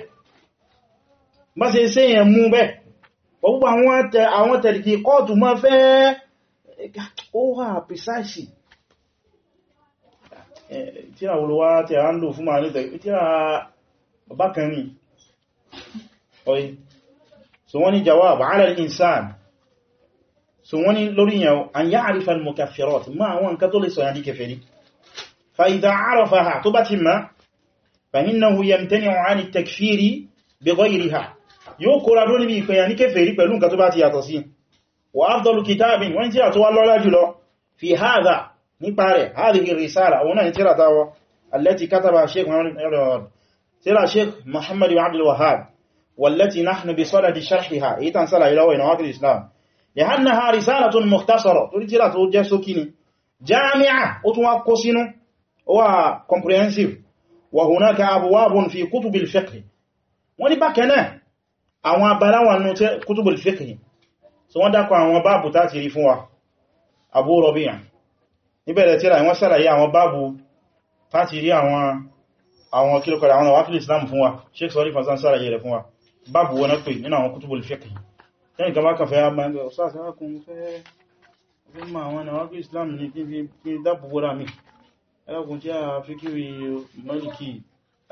[SPEAKER 1] bá ṣe ṣe yẹn mú bẹ́ ọgbọ́ àwọn tẹ̀dìkì kọ́ọ̀tù ma fẹ́ ó wà pìsáìsì tíra olówá tí a ń lò fún ma ní tẹ̀dìkì tíra bákan ní ọ̀yí so wọ́n ní jawab ala al-insan so wọ́n ní lórí yẹn an ya'rifa al-mukaffirat ma àwọn nǹkan tó lè sọ yàndí kèfèrí fa idha arafaha tó bá ti ma fa innahu yamtani'u 'an at-takfiri bighayriha yóò kóra dó níbi ìpẹ̀yà ní kèfèrí pẹ̀lú nǹkan tó bá ti yàtọ̀ sí wa afdalu kitabin wọ́n tí a tó wá lọ́lá jùlọ fi hadha nípa rẹ̀ hadhihi risala òun náà tíra táwọ allati kataba sheikh muhammad ibn abdul wahhab والتي نحن بصدد شرحها اي تنسل الى نواقض الاسلام لانها رساله مختصره ترجلا توجه سكيني جامعه اتوا كوسينو و comprehensive وهناك ابواب في كتب الفقه وني باكنا àwọn abala wà nínú kútùbù al-fiqh so wọ́n dákọ̀ àwọn báàbù tá ti rí fún wa Abu Rabi'a níbẹ̀rẹ̀ tí ra wọ́n sàlàyé àwọn báàbù tá ti rí àwọn kílòkọ̀lá àwọn wákìlì Islam fún wa Sheikh Sọ́lífànsán sàlàyé rẹ̀ fún wa báàbù wọn pè nínú àwọn kútùbù fiqh
[SPEAKER 2] tẹ́yìn kan bá kàn fẹ́ àmà
[SPEAKER 1] ẹgbẹ̀ ọ̀sáàsì arákùn fẹ́ ọmọ àwọn ẹ̀wọ́n pé Islam ní kí fi pé dáàbù bọ́ra mi ẹlọ́kùn tí a fi kíri mọ́lìkì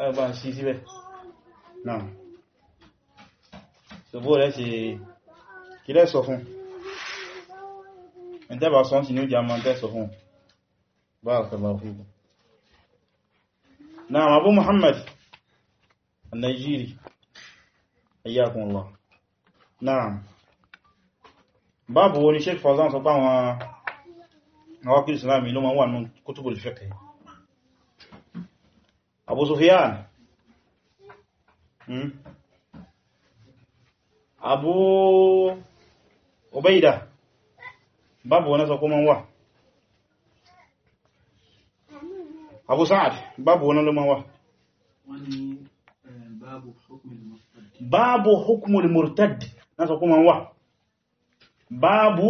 [SPEAKER 1] ẹgbà sí síbẹ̀ náà ṣòbó rẹ̀ ṣe kílẹ̀ sọ fún ẹ̀tẹ́bà ní ó jẹ́ àmà tẹ́ fún bá àkàbà fún náà Abu Muhammad an-Najiri ayyakum Allah náà báàbù wo ni Shaykh Fawzān sọ páwọn awakú islami ló ma wà ní kutubul fiqh Abu Sufyan hmm? Abu Ubaida báàbù wọn sọ kó ma wà Abu báàbù wọn ló ma wà wọ́n ni báàbù hukmul murtad náà sọ kúmọ̀ wà báàbù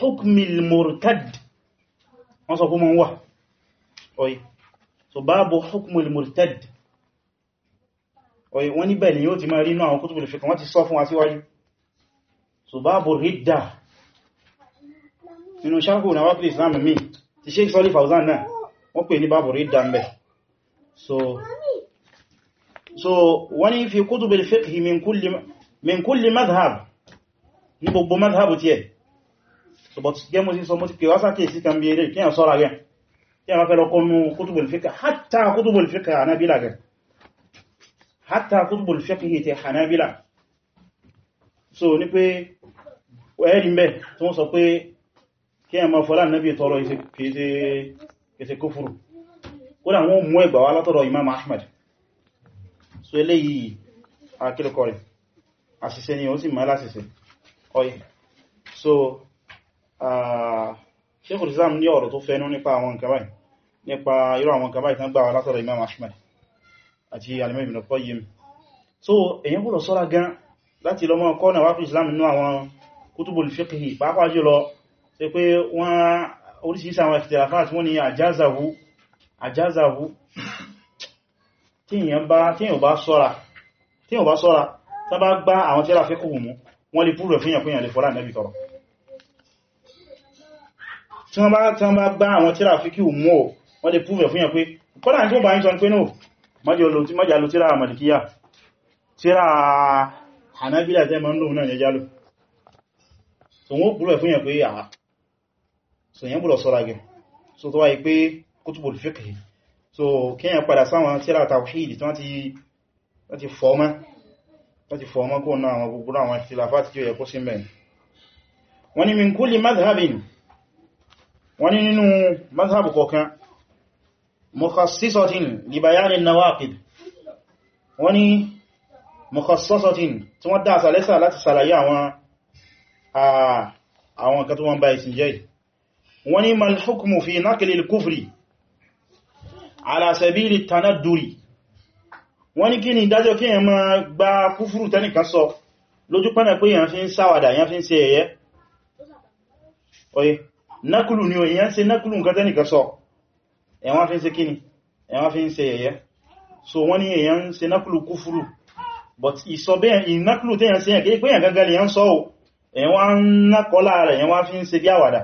[SPEAKER 1] hukmul murtad wọ́n sọ kúmọ̀ wà ọ̀yí so báàbù hukmul murtad ọ̀yí wọ́n níbẹ̀ ni yóò ti máa rí náà kutubul fiqh wọ́n ti sọ fún wa síwájú so báàbù ridda nínú sharhu nawaqidil islam mi ti Shaykh Saalih Fawzān náà wọ́n pè ní báàbù ridda ń so so wani fi kutubil fiqh min kulli madhhab ní gbogbo madhhab ti ẹ̀ so but jẹ́ mo sí sọ mo ti pèwá sáké sí kan bí eré kí a sọ́ra gẹ́ kí a máa fẹ́ lọ kọnu kutubil fiqh hatta kutubil fiqh hanabila gẹ́ hatta kutubil fiqh ti hanabila so ní pé ẹ̀rí mẹ́ tí wọ́n sọ pé kí a máa fọ́lá nábi tọrọ ìsẹ̀kúfúrú kódà wọ́n mú ẹgbàwá látọ̀rọ̀ imam ahmad so eléyìí akílùkọ rẹ̀ àṣìṣe ni ó sì máa láṣìṣe ọyẹ so Sheikhul Islam ní ọ̀rọ̀ tó fẹ́nú nípa àwọn nǹkan báyìí nípa irú àwọn nǹkan báyìí tán gbà wá látọ̀rọ̀ Imam Ahmad àti alimẹ́ Ibn so èyàn gbọ́dọ̀ sọ́ra gan láti lọ mọ́ kọ́nà wákùn Islam nínú àwọn kútùbùl fiqhi pàápàá jùlọ ṣe pé wọ́n oríṣiríṣi àwọn ìtìlàfà tí wọ́n ni tí èyàn bá sọ́ra tá bá gbá àwọn tíra fẹ́ kòwò mú wọ́n lè púrò fíyàn fíyàn lè fọ́lá nẹ́bì tọrọ tí wọ́n bá tán bá gbá àwọn tíra fi kí o mú ọ wọ́n lè púrò fíyàn pé kọ́lá tí ó bá ń sọ pé náà májá lo tíra màlìkíyà tíra hànábílà tẹ́ ma ń lòun náà yẹ jálò so wọ́n púrò fíyàn pé àà so yẹn búrò sọ́ra gẹ̀ so tó wáyé pé kútùbùl fiqh so kíyàn padà sáwọn tíra tàwíìdì tí wọ́n ti fọ́mọ́ láti fọ́mọ́ kó náà àwọn gbogbo àwọn ìtìlàfà tí ó yẹ kó sí mẹ́ wọ́n ni min kulli madhhabin wọ́n ni nínú madhhab kọ̀ọ̀kan mukhassisatin li bayani nawaqid wọ́n ni mukhassisatin tí wọ́n dá àsàlẹ́sà láti sàlàyé àwọn àwọn kufri ala sabili tanadduri wọ́n ní kí ni ìdájọ́ kí èyàn máa gba kúfúrù tẹ́nìkan sọ lójú pẹ́nà pé èyàn fi ń sáwàdà èyàn fi ń ṣe ẹ̀yẹ oye nákùlù ni èyàn ṣe nákùlù nǹkan tẹ́nìkan sọ èyàn fi ń ṣe kí ni èyàn fi ń ṣe ẹ̀yẹ so wọ́n ní èyàn ṣe nákùlù kúfúrù but ìsọ̀bẹ̀ ìnákùlù tẹ́yàn se yàn kéèkéé yàn gangan lè yàn sọ ò èyàn wá rẹ̀ èyàn wá fi ń ṣe bí àwàdà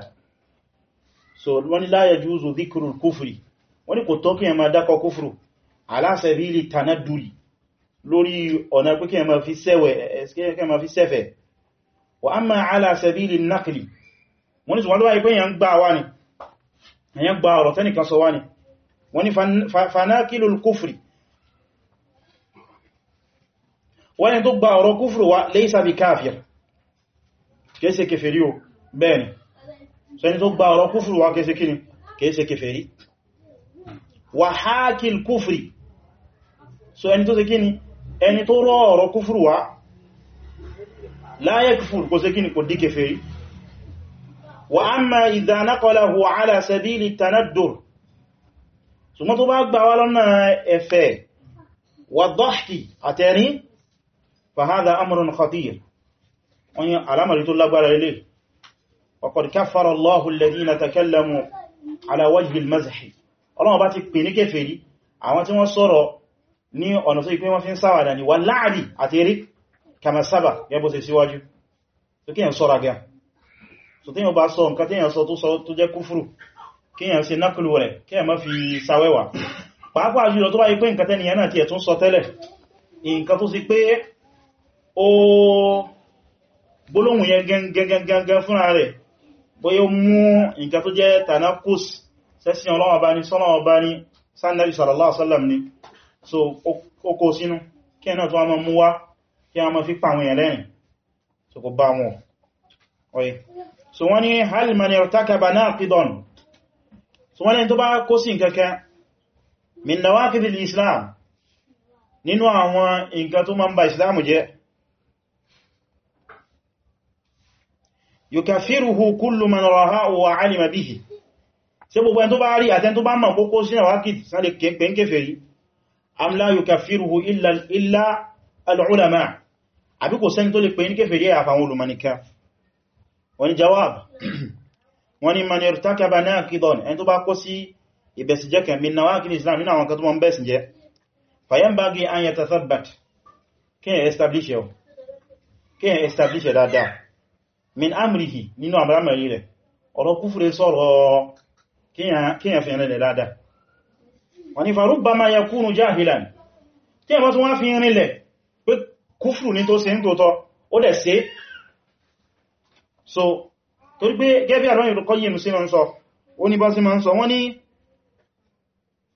[SPEAKER 1] so wọ́n ní la yajuzu dhikru al-kufri wọ́n ní kò tọ́ kí ẹ máa dákọ kúfùrù ala sabili tanadduri lórí ọ̀nà pé kí ẹ máa fi sẹ́fẹ̀ eh, wa amma ala sabili naqli wọ́n ní ṣùgbọ́n lọ́wọ́ ìpẹ́yàn gbà wá ní ẹ̀yàn gbà ọ̀rọ̀ tẹ́nìkan sọ wá ní wọ́n ní tó gba ọ̀rọ̀ kúfùrù wá laysa bi kẹsẹ̀ kẹfẹ̀rí o bẹ́ẹ̀ni so tó gba ọ̀rọ̀ kúfùrù wá kẹsẹ̀ kẹfẹ̀rí wà hákìl kúfrì so ẹni tó ṣe kí ni ẹni tó rọ ọ̀rọ̀ kúfrù wá láyé kúfrù kò ṣe kí ni kò dí kèfèrí wà amma idha naqalahu ala sabili tanaddur ṣùgbọ́n tó bá gbà wá lọ́nà ẹ̀fẹ̀ wà dọ́hkì àtẹ́rí fahada amrun khatir wọ́n yí alamari tó lágbára ilé wa qad kaffara Allahu alladhina takallamu ala wajhi ọlọ́wọ́ bá ti pè ní kèfèrí àwọn tí wọ́n sọ̀rọ̀ ní ọ̀nà tó ipé wọ́n fi ń sáwàdà ní wà láàrí àti eré kàmà sábà yẹ́bó ṣe síwájú tó kíyàn sọ́ra gá so tí yàn bá sọ nǹkan tí yàn sọ tó jẹ́ kúfùrù kíyàn ṣe nákùlù rẹ̀ kíyàn má fi sáwẹ́wà pàápàá jùlọ tó bá mú nǹkan tó jẹ́ tanakus sẹ́sìn ọlọ́wọ́ bá ní sọ́lọ́wọ́ bá ní sánàbí sallallahu alaihi wasallam ni so ó kó sínú kí ẹ̀nà tó a máa mú wá kí a máa fi pàwọn èèyàn lẹ́rìn so kò bá wọn ọ̀yẹ́ so wọ́n ni hal man irtakaba naqidan so wọ́n ni tó bá kó sí nǹkankan ṣe gbogbo ẹn tó bá rí àtẹn tó bá mọ̀ kókó sínú wákìtì sán lè pè ń kèfèrí am la yukaffiruhu illa al-ulama àbí kò sẹ́ni tó lè pè ń kèfèrí àfàwọn olùmọ̀nìká wọ́n jawab *clears throat* wọ́n ni man irtakaba naqidan ẹn tó bá kó sí ìbẹ̀sìjẹ́ kan min nawaqid islam nínú àwọn kan tó ọ̀rọ̀ kúfúrẹ́ sọ́rọ̀ kíyàn fi rìnlẹ̀ dáadáa wọ́n ni farúbà ma ya kúrù jahilan tí a bá tún wá fi rìnlẹ̀ pé kúfùrù ní tó ṣe ń tótọ́ ó dẹ̀ ṣe so torí pé gẹ́bí àrọ́yìn rukọ́yìn sí ma ń sọ ó ní bá sí ma ń sọ wọ́n ní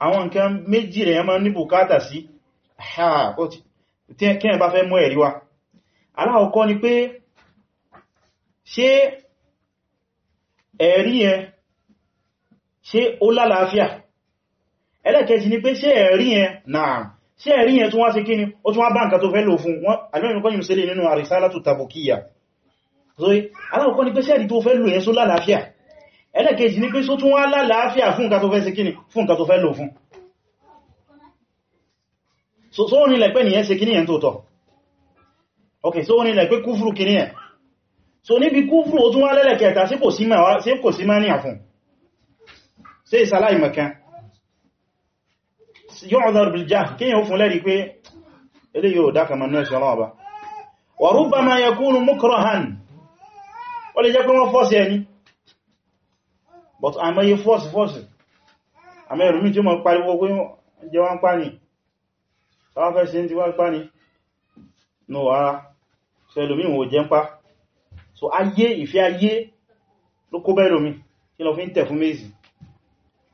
[SPEAKER 1] àwọn nǹkan méjì rẹ̀ ma ní ṣé ó lálàáfíà ẹlẹ́kẹ̀ẹ́jì ni pé ṣé ẹ̀rí yẹn náà ṣé ẹ̀rí yẹn tún wá sí kí ni ó tún wá bá nǹkan tó fẹ́ lò fún wọn alẹ́mìnkọ́ yìí sílẹ̀ nínú àrísálátù tàbùkíyà alákọ̀ọ́kọ́ ni pé ṣé ẹ̀rí tó fẹ́ lò yẹn ni pé só tún so so ni le pe niyan ṣe okay so ni le pe kufuru so ni bi kufuru ó tún wá lele keta ṣé kò sí ma kò sí ma ni tí ìsàláì mọ̀kan yóò ọ̀dọ̀ ìbìljá kí yíò fún lẹ́rí pé ilé yóò dáka mọ̀ náà ṣọ́rọ̀ ọba wa rubbama yakunu mukrahan ó lè jẹ́ pé wọ́n fọ́sí ẹni but àmọ́yé fọ́sí fọ́sí no so ife n'okobelomi kí lọ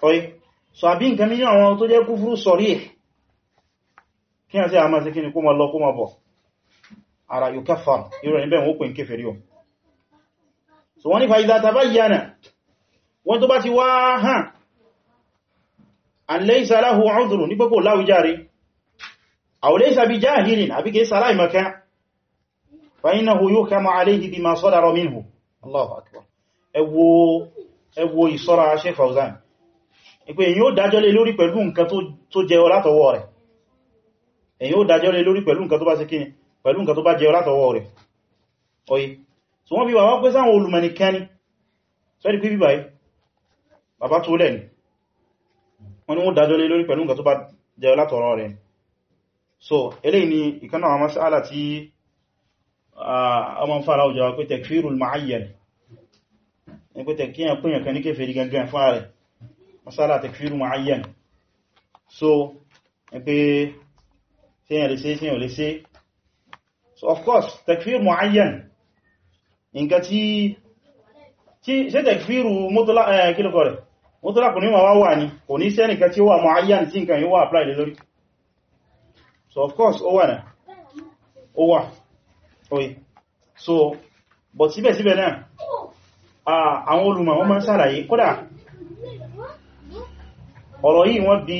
[SPEAKER 1] sọ́yí so àbí nǹkan nínú àwọn tó jẹ́ kúfúrú sọ̀rí kí a sí àmà sí kí ni kó ma lọ kó ma bọ̀ ara yóò kẹfà irọ́ níbẹ̀ wọ́n pín kéfèrí o so wọ́n ní fa idha tabayyana wọ́n tó bá ti wá hàn an laysa lahu udhru ní pẹ́kò láwíjáre aw laysa bi jahilin àbí ìsọ́ra Shaykh Fawzan ìpé èyí ó dájọ́ lé lórí pẹ̀lú nǹkan tó jẹ ọ látọwọ́ rẹ̀ èyí ó dájọ́ lé lórí pẹ̀lú nǹkan tó bá ṣe kíni pẹ̀lú nǹkan tó bá jẹ ọ rẹ̀ oye so wọ́n bí wà wọ́n pẹ́ sáwọn olùmọ̀nìkẹ́ni sọ́rí pé bíbáyí bàbá tó lẹ́ni wọ́n ni wọ́n dájọ́ lé so eléyìí ni ìkanáà àwọn mas'ala tí ọmọ fara òjò pé tekfirul ma'ayyan ni pé tekíyàn pínyàn kan ní kéfèrí gangan fún ààrẹ̀ masala tekfiru ma'ayyan so pé ṣéyàn lè ṣe ṣéyàn lè ṣe so of course tekfiru ma'ayyan nǹkan tí ṣe tekfiru kílùkọ rẹ̀ mutula kò ní ma wá wà ní kò ní sẹ́ni kan tí ó wà ma'ayyan tí nǹkan yíó wà apply lórí so of course ó wà náà ó wà oye so but síbẹ̀síbẹ̀ náà àwọn olùmọ̀ wọ́n máa ń ṣàlàyé kódà ọ̀rọ̀ yìí wọ́n bi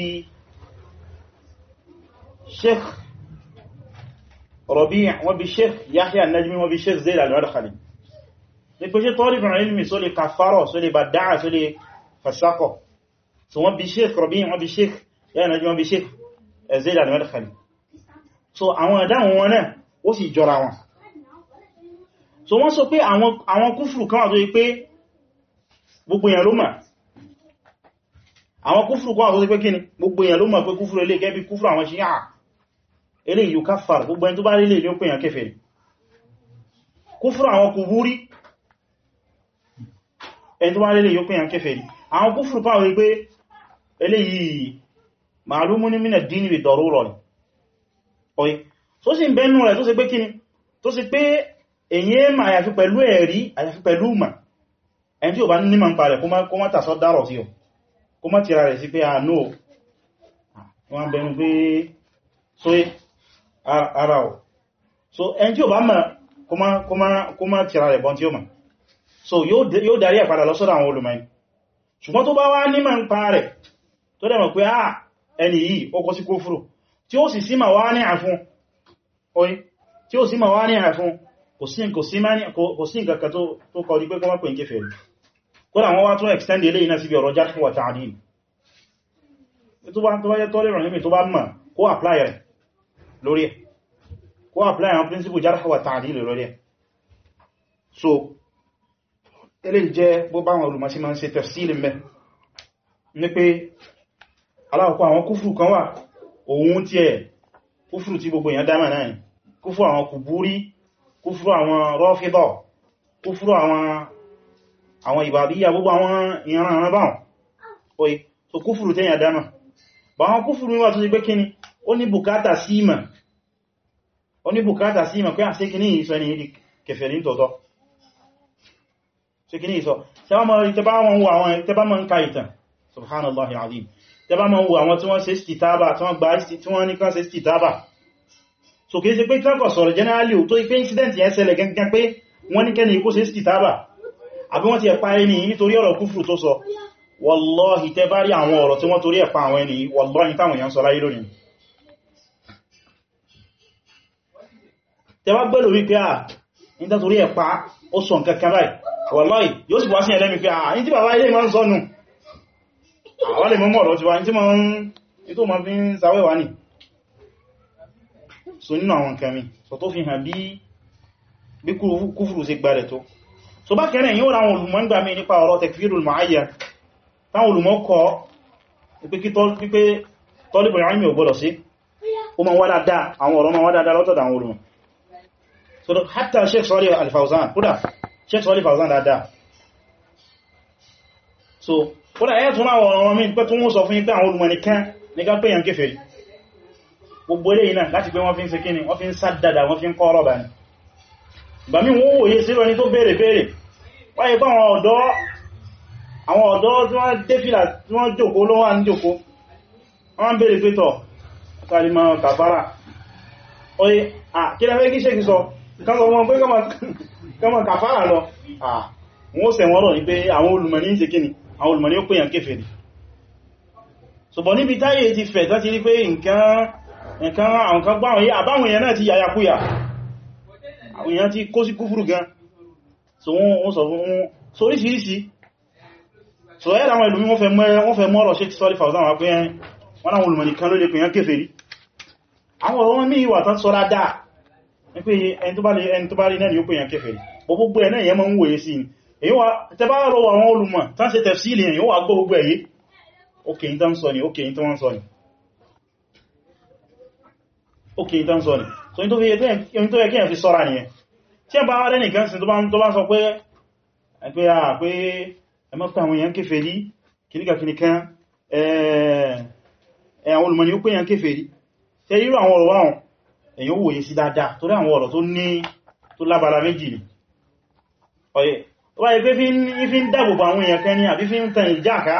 [SPEAKER 1] sheikh Rabi' wọ́n bi sheikh Yahya Najmi wọ́n bi sheikh Zayd al-Madkhali ní pé ṣe tọ́lì bìnrin ilmi só lè kàfàrọ̀ só lè bàdáà só lè fàṣákọ̀ so wọ́n bi sheikh Rabi' wọ́n bi sheikh Yahya Najmi wọ́n bi sheikh eh, Zayd al-Madkhali so àwọn ìdáhùn wọn náà ó sì jọra wọn so wọ́n sọ pé àwọn kúfùrù kan wà tó yí pé gbogbo èèyàn ló máa àwọn kúfùrù kọ́ àwọn tó pé kíni gbogbo èèyàn ló mọ̀ pé kúfùrù ilé gẹ́bí kúfùrù àwọn ṣíyà ilé yíò káfàr gbogbo ẹni tó bá rí ilé ní ó pèèyàn kèfèrí kúfùrù àwọn kùbúrí ẹni tó bá rí ilé yíò pèèyàn kèfèrí àwọn kúfùrù pàwọ́ wípé ilé yìí màálùmú ní mínà dínì bí dọ̀rọ̀ rọ̀ ọ̀yí tó kó mọ́ tira rẹ̀ sí pé àánú ah, wọ́n bẹnu pé so ara ọ̀ so ẹn tí ó bá mọ̀ kó mọ́ tira rẹ̀ bọ́n tí ó mọ̀ so yóò darí ẹ̀ padà lọ sọ́dọ̀ àwọn olùmọ̀ ṣùgbọ́n tó bá wá nímọ̀ ń pa rẹ̀ tó dẹ̀ mọ̀ pé à ah, ẹni yìí ó kọ́ sí kófúrò tí ó sì sí ma wá ní àfún oye tí ó sì ma wá ní àfún kò sí nǹkan tó kọ̀ di pé mọ́ pè ń kéfèé kọ́nà wọ́n wá tó extend ilé iná síbi ọ̀rọ̀ jarh wa ta'dil tó bá tó bá jẹ́ tọ́lẹ̀ ìrànlẹ́mì tó bá mọ̀ kó apply rẹ̀ lórí ẹ̀ kó apply àwọn principle jarh wa ta'dil lórí ẹ̀ so ilé jẹ́ bó bá wọn olùmọ́sí ma ń ṣe tafsil mẹ́ ní pé aláwọ̀kọ́ àwọn kúfù kan wà òun tí ẹ̀ kúfù tí gbogbo èèyàn dámà náà kúfù àwọn kùbúrí kúfù àwọn rọ́fídọ̀ kúfù àwọn àwọn ìbàdíyà gbogbo àwọn ìran àwọn báwọn oye so kúfùrù tẹ́yà dámà bá wọn kúfùrù wà tó ti pé kíni ó ní bùkátà sí ìmọ̀ ó ní bùkátà sí ìmọ̀ pé à ah, sí kíní ìsọ ẹni ìdí kẹfẹ̀ ní tọ̀tọ̀ sí kíní ìsọ tẹbá mọ́ ń ka ìtàn subhanallahi azim tẹbá mọ́ wo àwọn tí wọ́n ṣe stitaba incident yẹn ṣẹlẹ̀ gẹ́gẹ́ pé wọ́n ní kẹ́ni ikú ṣe stitaba àbí wọ́n ti ẹ̀pá ẹni nítorí ọ̀rọ̀ kúfùrù tó sọ wallahi tẹ bá rí àwọn ọ̀rọ̀ tí wọ́n torí ẹ̀pá àwọn ẹni wallahi táwọn èèyàn sọ láyé lónìí tẹ bá gbẹ́lò wípé à ah, ní tẹ́ torí ẹ̀pá ó sọ nǹkan kan báyìí wallahi yóò sì bọ́ sí ẹlẹ́mi pé ah, tó so bá kẹrẹ yíó ra àwọn olùmọ̀ ń gbà mí nípa ọ̀rọ̀ tekfirul mu'ayyan táwọn olùmọ̀ kọ pípé tọ́lìbọ̀ ìrìn ò gbọ́dọ̀ sí o ma wádá dá àwọn ọ̀rọ̀ ma wádá dá lọ́tọ̀dá àwọn olùmọ̀ so hatta so kódà ẹ̀ tún àwọn ọ̀rọ̀ mi pẹ́ tún wọ́n sọ fún ipẹ́ àwọn olùmọ̀ nìkan ní ká pé yàn kéfèé gbogbo eléyìí bàmí wọ́n wòye sí lọ́ni tó béèrè béèrè wáyé bá àwọn ọ̀dọ́ àwọn ọ̀dọ́ tí wọ́n dé fìlà tí wọ́n jòkó ló wà ń jòkó wọ́n béèrè pé tọ̀ kàrìmọ̀ kàbára oye àkílẹ̀ fẹ́ kí *laughs* ṣe kí sọ kásọ̀ wọn pé kọmọ kàfàrà lọ wọ́n sẹ̀ wọ́n rọ̀ ní pé àwọn olùmọ̀ní ń ṣe kíni àwọn olùmọ̀ní ó pè yàn kéfèrí ṣùgbọ́n níbi táyé ti fẹ̀ tó ti rí pé nǹkan àwọn àwọn èèyàn ti kó sí kúfúrú gan so wọ́n sọ fún wọn so oríṣìíríṣìí so ẹ́ àwọn ìlú wọ́n fẹ́ mọ́ ọ̀rọ̀ ṣe ti sọ́lífà ọ̀sán àwọn pẹ́yẹn wọ́n láwọn olùmọ̀ nìkan ló lè pèyàn kéfèrí àwọn ọ̀rọ̀ mí ìwà tán sọ́rá dáa ní pé ẹni tó bá rí náà ni ó pèyàn kéfèrí gbogbo ẹ̀ náà yẹ mọ́ ń wòye sí ni tẹbá rọ àwọn olùmọ̀ tán ṣe tẹ̀fsílì yẹn yóò wà gbọ́ gbogbo ẹ̀yẹ ókè ní tán sọ ni so ní tó fi ẹni tó yẹ kí ẹ̀ fi sọ́ra nìyẹn tí ẹ bá wá lẹ́nì kan sí tó bá sọ pé ẹgbẹ́ à pé ẹmọ́pẹ́ àwọn èèyàn kèfèrí kìníkàkìníkan ẹ̀yàn olùmọ̀ni ó pé èèyàn kèfèrí tẹ́ irú àwọn ọ̀rọ̀ wáhùn èèyàn wòye sí dáadáa torí àwọn ọ̀rọ̀ tó ní tó lábala méjì ni ọ̀yẹ́ tó bá yẹ pé fi ń dáàbòbò àwọn èèyàn kan ní fi ń tan ìjáàká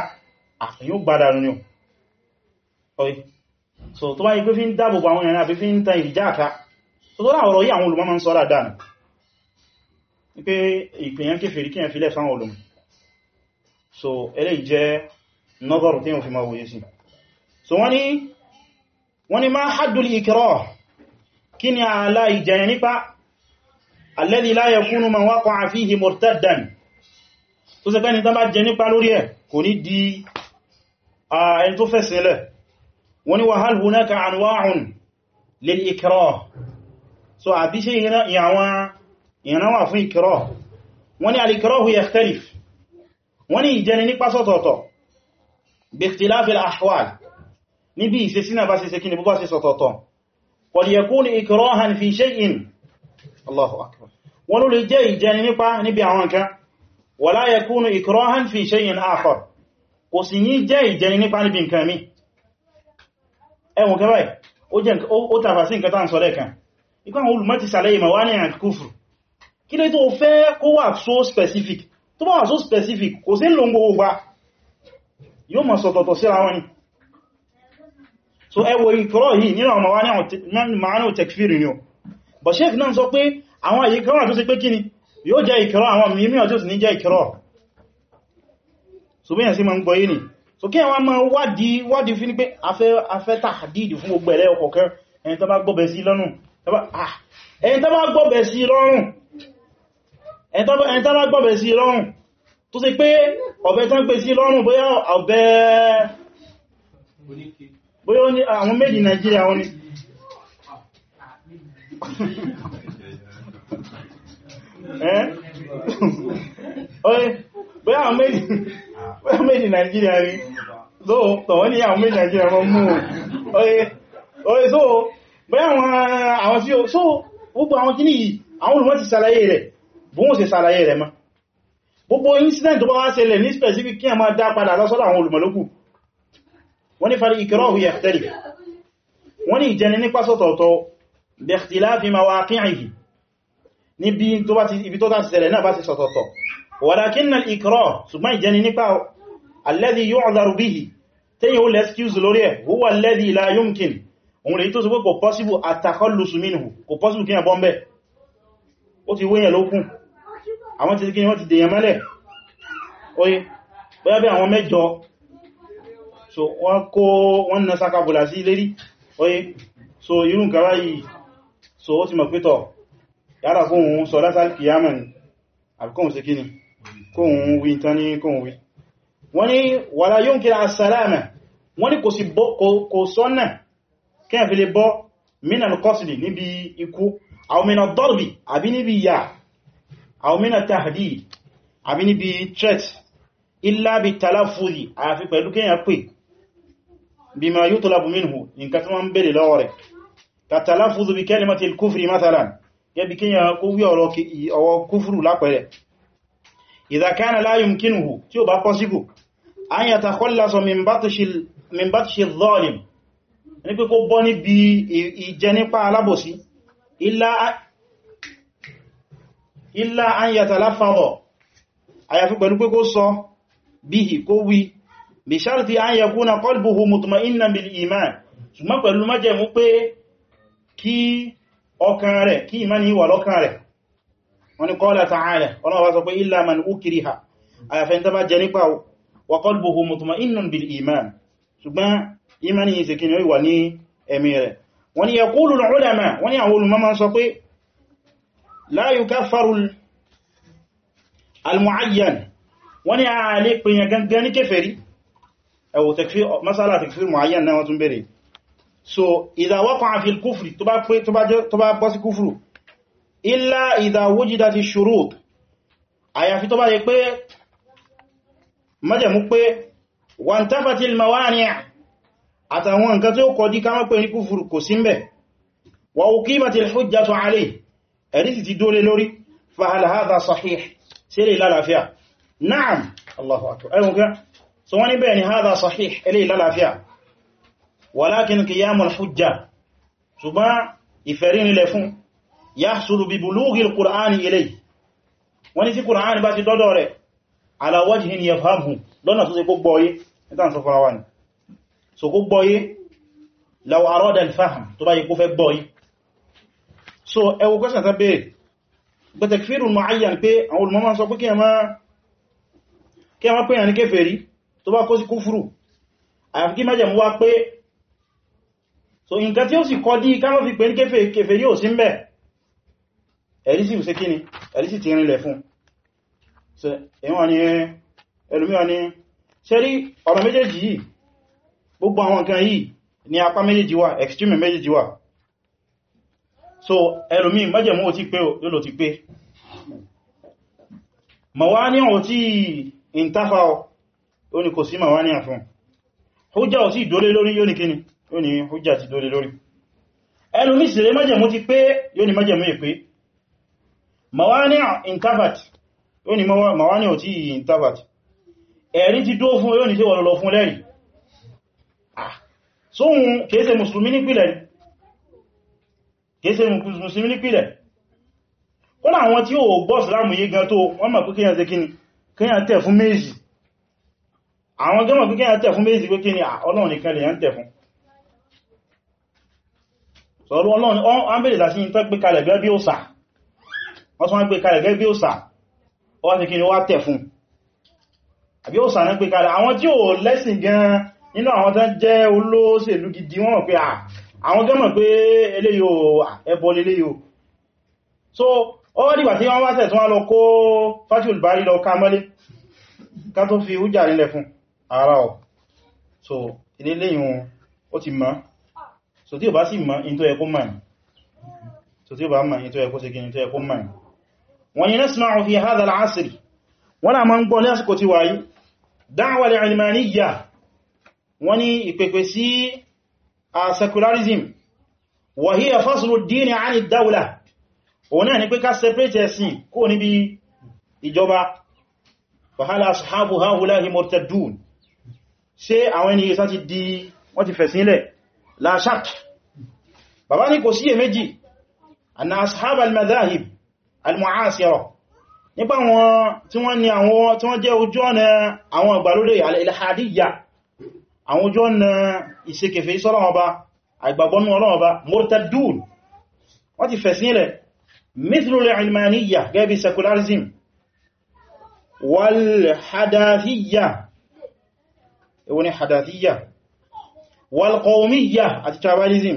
[SPEAKER 1] so tó bá yẹ pé fi ń dáàbòbò àwọn èèyàn àbí fi ń so tó láwọ̀rọ̀ yí àwọn olùmọ́ ma ń sọ dáadáa nì ní pé ìpìyàn kéfèrí kíyàn fi lẹ́fà àwọn so eléyìí jẹ́ nọ́gọ́rù tí yàn fi ma wòye sí so wọ́n ni wọ́n ni ma haddul ikrah kí ni ààlá ìjẹyẹ nípa alladhi la yakunu man waqa'a fihi murtaddan tó sẹ fẹ́ni tán bá jẹ nípa lórí ẹ̀ kò ní di ẹni tó fẹ́ sílẹ̀ wọ́n ni wa hal hunaka anwa'un lil ikrah so àbí ṣe ìran wà fún ìkìrọ̀ wọ́n ni alìkìrọ̀hù yakhtalif wọ́n ni ìjẹni nípa sọ́tọ̀ọ̀tọ̀ bí ikhtilaf al-ahwal níbi ìsẹsínà bá ṣe ṣe kí ni bó bá ṣe sọ́tọ̀ọ̀tọ̀ qad yakunu ikrahan fi shay'in Allahu akbar wọ́n ló lè jẹ́ ìjẹni nípa níbi àwọn nǹkan wala yakunu ikrahan fi shay'in akhar kò sì ní jẹ́ ìjẹni nípa níbi nǹkan mi ẹwùn kẹwàá ó tàfà sí nǹkan tán sọ lẹ́kan ikọ́ àwọn olùmọ̀ ti sàlẹ̀ ìmọ̀ wá ní àkúfù kí lé tó fẹ́ kó wà so specific tó bá wà so specific kò sí lò ń gbogbo gbá yóò mọ̀ sọ̀tọ̀tọ̀ síra wọn ni so ẹwọ ìkọ́rọ̀ yìí nínú àwọn wá ní àwọn tekfiri ni o but sheik náà sọ pé àwọn àyè kan wà tó ṣe pé kíni ìkọ́rọ̀ àwọn so bí yẹn sí ma ń ni so kí àwọn máa wádìí wádìí fi ní pé afẹ́ tàdídì fún gbogbo ẹ̀lẹ́ ọkọ̀kẹ́ ẹni tó bá gbọ́bẹ̀ sí lọ́nà Ah, ẹni tó bá gbọ́bẹ̀ sí lọ́rùn tó sì pé ọ̀bẹ tán pè sí lọ́rùn bóyá ọ̀bẹ bóyá ó ní àwọn méjì Nàìjíríà wọn ni *laughs* *laughs* bóyá àwọn méjì Nàìjíríà rí tó tọ̀wọ́ ní àwọn méjì Nàìjíríà wọn mú oye so bẹ́ẹ̀ wọn àwọn tí ó so gbogbo àwọn kìíní yìí àwọn olùmọ̀ ti ṣàlàyé rẹ̀ bí wọ́n ṣe ṣàlàyé rẹ̀ ma gbogbo incident tó bá wá ṣẹlẹ̀ ní specific kí a máa dá padà lọ́sọ́lọ́ àwọn olùmọ̀lókù wọ́n ní fari ikrahu yahtali wọ́n ní ìjẹni nípa sọ́tọ̀ọ̀tọ̀ bi ikhtilafi mawaqi'ihi níbi tó bá ti ṣẹlẹ̀ náà bá ti sọ́tọ̀ọ̀tọ̀ walakin al-ikrah ṣùgbọ́n ìjẹni nípa òun lèyí tó sọ pé kò pọ́síbù àtàkọ́lùsù mínú kò pọ́síbù kí ẹbọ́n bẹ́ ó ti wéyàn lókún àwọn ti kí wọ́n ti dèyàn mẹ́lẹ̀ oye bóyá bí àwọn mẹ́jọ so wọ́n kó wọ́n na sakabula sí lérí oye so irú nkàrá yìí so ó ti mọ̀ pẹ́tọ̀ yára kóhun sọ látàrí kìyàmà ni àbíkóhun sí kíni kóhun wí tán ní kóhun wí wọ́n ni kí fi lè bọ́ minal qasdi níbi ikú aw minal darbi àbí níbi yà aw minal tahdid àbí níbi threat illa bi talaffuzi àyàfi pẹ̀lú kí yà pè bima yutlabu minhu nǹkan tí wọ́n ń bèèrè lọ́wọ́ rẹ̀ ka talaffuzu bi kalimatil kufri mathalan yẹbi kí yà kó wí ọ̀rọ̀ kúfùrù lápẹẹrẹ idha kana la yumkinuhu tí ó bá possible an yatakhallasa min batshi ní pé kó bọ́ níbi ìjẹ nípa alábòsí ilá anyàtà láfàwọ̀ àyàfi pẹ̀lú pé kó sọ bíhì kó wí bí ṣáàrùtí anyàkúnà qalbuhu mutma'innan bil iman ṣùgbọ́n pẹ̀lú májẹ̀mú pé kí ọkàn rẹ̀ kí ìmáni wà lọ́kàn rẹ̀ wọ́n ni qala ta'ala ọ̀nà wá sọ pé illa man ukriha àyàfẹ́ ń tàbá jẹ nípa wa qalbuhu mutma'innan bil iman ṣùgbọ́n imani yìí ṣekí ni ó wà ní ẹ̀mí rẹ̀ wọ́n ni yaqulu al-ulama wọ́n ni àwọn olùmọ́mọ́ sọ pé la yukaffaru al-mu'ayyan wọ́n ni a lè pèyàn so idha waqa'a fil kufri tó bá bọ́ sí kúfùrù illa idha wujidati shurut àyàfi tó bá yẹ pé májẹ̀mú pé wantafatil mawani' àtàwọn nǹkan tí ó kọ dí káwọn pè ní kúfùrù kò sí mbẹ̀ wa uqimatil hujjatu alayhi ẹ̀rí sì ti dóre lórí fahal hadha sahih sí ilé lálàáfíà na'am allahu akbar ẹ̀rùn kí so wọ́n ní bẹ́ẹ̀ ni hadha sahih ilé lálàáfíà walakin qiyamul hujja sí qur'ani bá ti dọ́dọ̀ rẹ̀ ala wajhin yafhamhu lọ́nà tó ṣe kó gbọ́yé nítàn sọ fara wà ní so kó gbọ́yé law arada al-fahm tó bá yí kó fẹ́ gbọ́yé so ẹwọ kwẹ́sàn tán bèèrè bẹ̀ takfirun mu'ayyan pé àwọn olùmọ́mọ́ sọ pé kí a má pèyàn ní kèfèrí tó bá kó sí kúfùrù àyàfi kí mẹ́jẹ̀ mú wá pé so nǹkan tí fún ẹlòmíwà ní ṣe rí ọ̀rọ̀ méjèèjì yìí gbogbo àwọn nǹkan yìí ni apá méjèèjì wà extreme méjèèjì wà so ẹlòmí májẹ̀mú ò tí pé yóò ti pé mawani ò tí ìntáfà ó ní kò sí mawani àfún hujja ò tí ìdólé lórí yóò ní kíni yóò ní hujja ti dólé lórí ẹlòmí sì rẹ májẹ̀mú ti pé yóò ní májẹ̀mú è pé mawani ìntáfàtì yóò ni mawani ò tí yìí tabat ẹ̀rí ti dó fún yóò ní tí wọ́n lọ fún lẹ́rì ah, sóhun kéèsè musulmi nípìlẹ̀ kéèsè musulmi nípìlẹ̀ ó náà tí ó gbọ́ gan tó wọ́n mọ̀ kíni kíyàn fún méjì àwọn gẹ́mọ̀ fún méjì pé kíni ah, ọlọ́run yàn fún ọlọ́run ọ́n bèèrè ó sà wá sí kí ni wá tẹ̀ fún àbí ó sànà pé kalẹ̀ àwọn tí ó lẹ́sìn gan nínú àwọn tán jẹ́ olóṣèlú gidi wọ́n pé àwọn gan pé eléyò so ó wá dìgbà tí wọ́n so iléléyìn ó ti mọ́ so tí ò bá sì mọ́ in tó ẹkó mọ́ so tí ò bá mọ́ in tó ẹkó sí kí in tó ẹkó mọ́ wani nasma'u fi hadha al'asri wọ́n a ma ń gbọ́ lásìkò tí wáyí da'wa al-ilmaniyya wọ́n ni ìpẹ̀pẹ̀ sí a secularism wa hiya faslu ad-din 'an ad-dawla òun náà ni pé ká separate ẹ̀sìn kó níbi ìjọba fa hal ashabu ha'ula'i murtaddun ashab al-mu'asira nípa wọn tí wọ́n ní àwọn tí wọ́n jẹ́ ojú ọ̀nà àwọn ìgbàlódé al-ilhadiyya àwọn ojú ọ̀nà ìṣekèfèrí sí Ọlọ́run Ọba àìgbàgbọ́nú Ọlọ́run Ọba murtadun wọ́n ti fẹ̀sí ilẹ̀ mithlu al-ilmaniyya gẹ́bí secularism wal-hadathiyya èwo hadathiyya wal-qawmiyya àti tribalism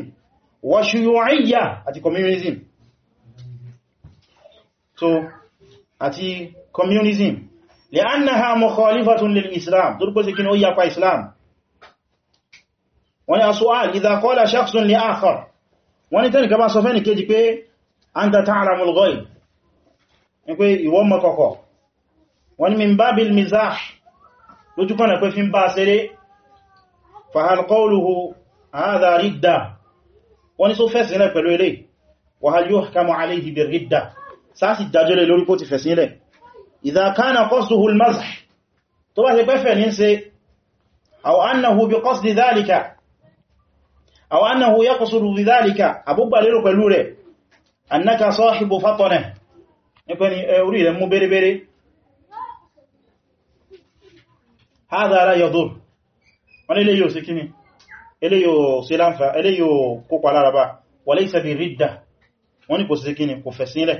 [SPEAKER 1] wa shuyu'iyya àti communism so àti communism li'annaha mukhalifatun lil islam tó rúkọ́ sí kí ní ó yapa islam wọ́n ya su'al idha qala shakhsun li akhar wọ́n ni tẹ́nìkà bá sọ fẹ́ni kéjì pé anta ta'lamul ghaib ní pé ìwọ mọ̀ kọ̀kọ̀ wọ́n ni min babil mizah lójúkọ́nà pé fi ń bá ṣeré fahal qawluhu hadha ridda wọ́n ni só fẹ́sìnlẹ̀ pẹ̀lú ilé wa hal yuhkamu alayhi bir ridda sáàsì dájọ́lẹ̀ lórí kó ti fẹ̀ sílẹ̀ ìdákánà qasduhul mazh tó bá ṣe pẹ́fẹ̀ ní ṣe aw annahu bi qasdi dhalika aw annahu yaqsudu bi dhalika àbúgbà lérò pẹ̀lú rẹ̀ annaka sahibu fatana nípa ni orí rẹ̀ mú bẹ́rẹ̀bẹ́rẹ̀ hadha la yadur wọ́n lè yóò sí kíni eléyò sí láǹfà eléyò kópa láraba wa laysa ni kò fẹ̀ sílẹ̀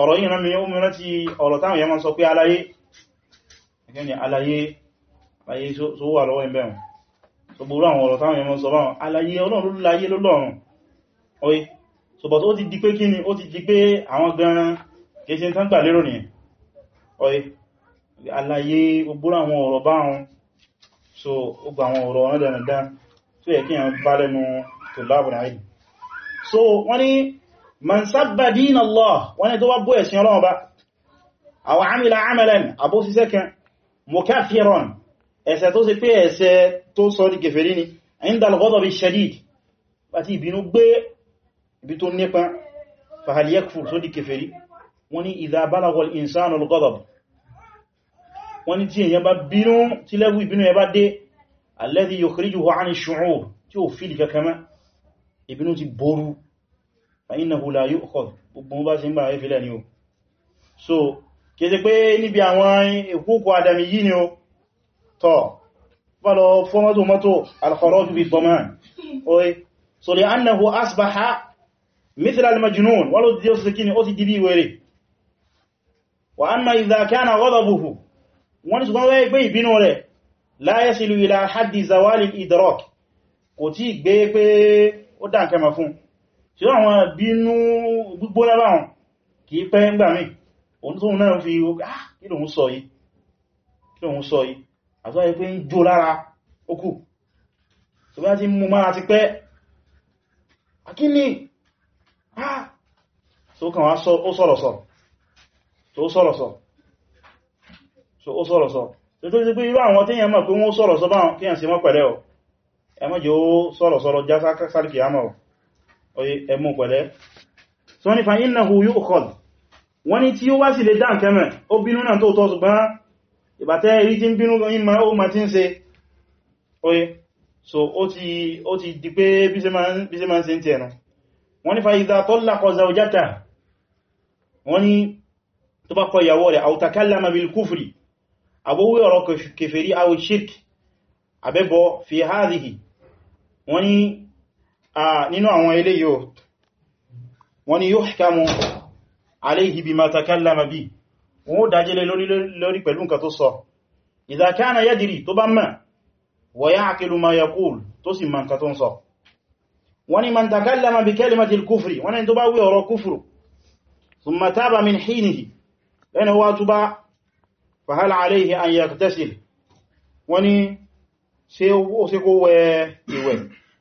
[SPEAKER 1] ọ̀rọ̀ yìí rámi ó mìíràn ti ọ̀rọ̀ táwọn yẹn máa sọ pé aláyé ẹgbẹ́ ni aláyé aláyé tó wà lọ́wọ́ ẹgbẹ́ wọn tó gbogbo àwọn ọ̀rọ̀ táwọn yẹn máa sọ báwọn aláyé ọlọ́run láyé lọ́lọ́run oye so but ó ti di pé kí ni ó ti di pé àwọn gan kéṣe tán gbà lérò nìyẹn so ó gba àwọn ọ̀rọ̀ ọ̀rọ̀ dandan so wọ́n man sabba dina Allah wani tó bá bó ẹ̀sìn Ọlọ́run ba aw amila amalan abó síṣẹ́ kan mukafiran ẹ̀ṣẹ̀ tó sì pé ẹ̀ṣẹ̀ tó sọ di kèfèrí ni inda al-ghadabi shadid àti ìbínú gbé ibi tó nípa fahal yakfur tó di kèfèrí wani idha balagha al-insanu al-ghadab wani tí ti ború فإنه لا يؤخذ gbogbo bá ṣe ń bá ẹfẹ́lẹ̀ ni o so kìí ṣe pé níbi àwọn ìkúkù adami yìí ni o tọ́ fọ́lọ fọ́mọ́tò mọ́tò alkharaju bi thaman oye so lè annahu asbaha mithla al-majnun wọ́n ló ti jẹ́ síkí ti di bí wa amma idha kana ghadabuhu wọ́n ni ṣùgbọ́n wẹ́ pé ìbínú la yasilu ila haddi zawali al-idrak kò tí gbé pé ó dá nkẹma fún ṣe àwọn bínú gbígbóná báwọn kì í pẹ́ ńgbà mí òun tó náà fi ah, kí lòun sọ yìí kí lòun sọ yìí àtúwáyé pé ń jó lára okù tó bá ti mú mára ti pẹ́ akíní ah so kan wá ó sọ̀rọ̀ sọ̀rọ̀ so ó sọ̀rọ̀ sọ̀rọ̀ so ó sọ̀rọ̀ sọ̀rọ̀ tó tó ti pé irú àwọn tíyàn mọ̀ pé wọ́n sọ̀rọ̀ sọ báwọn kíyàn sí mọ́ pẹ̀lẹ́ ọ̀ ẹmọ́jẹ́ ó sọ̀rọ̀ sọ̀rọ̀ já sákàsálìkì àmọ́ ọ̀ ẹmú pẹ̀lẹ́ tí wọ́n ni fa innahu yu'khadh wọ́n ni tí ó wá sí lè dá nkẹ́mẹ̀ ó bínú náà tó tọ́ ṣùgbọ́n ìbàtẹ́ èyí tí ń bínú ó oye so ó ti di pé bí ṣe máa ń ṣe ń ti wọ́n ni fa idha tó kufri nínú àwọn eléyìí wọ́n ní yuhkamu alayhi bima takallama bi wọ́n ó dájẹ́lé lórí pẹ̀lú nǹkan tó sọ idha kana yadiri tó bá mẹ́ wa ya'qilu ma yaqul tó sì mọ̀ nǹkan tó ń sọ wọ́n ní man takallama bi kalimati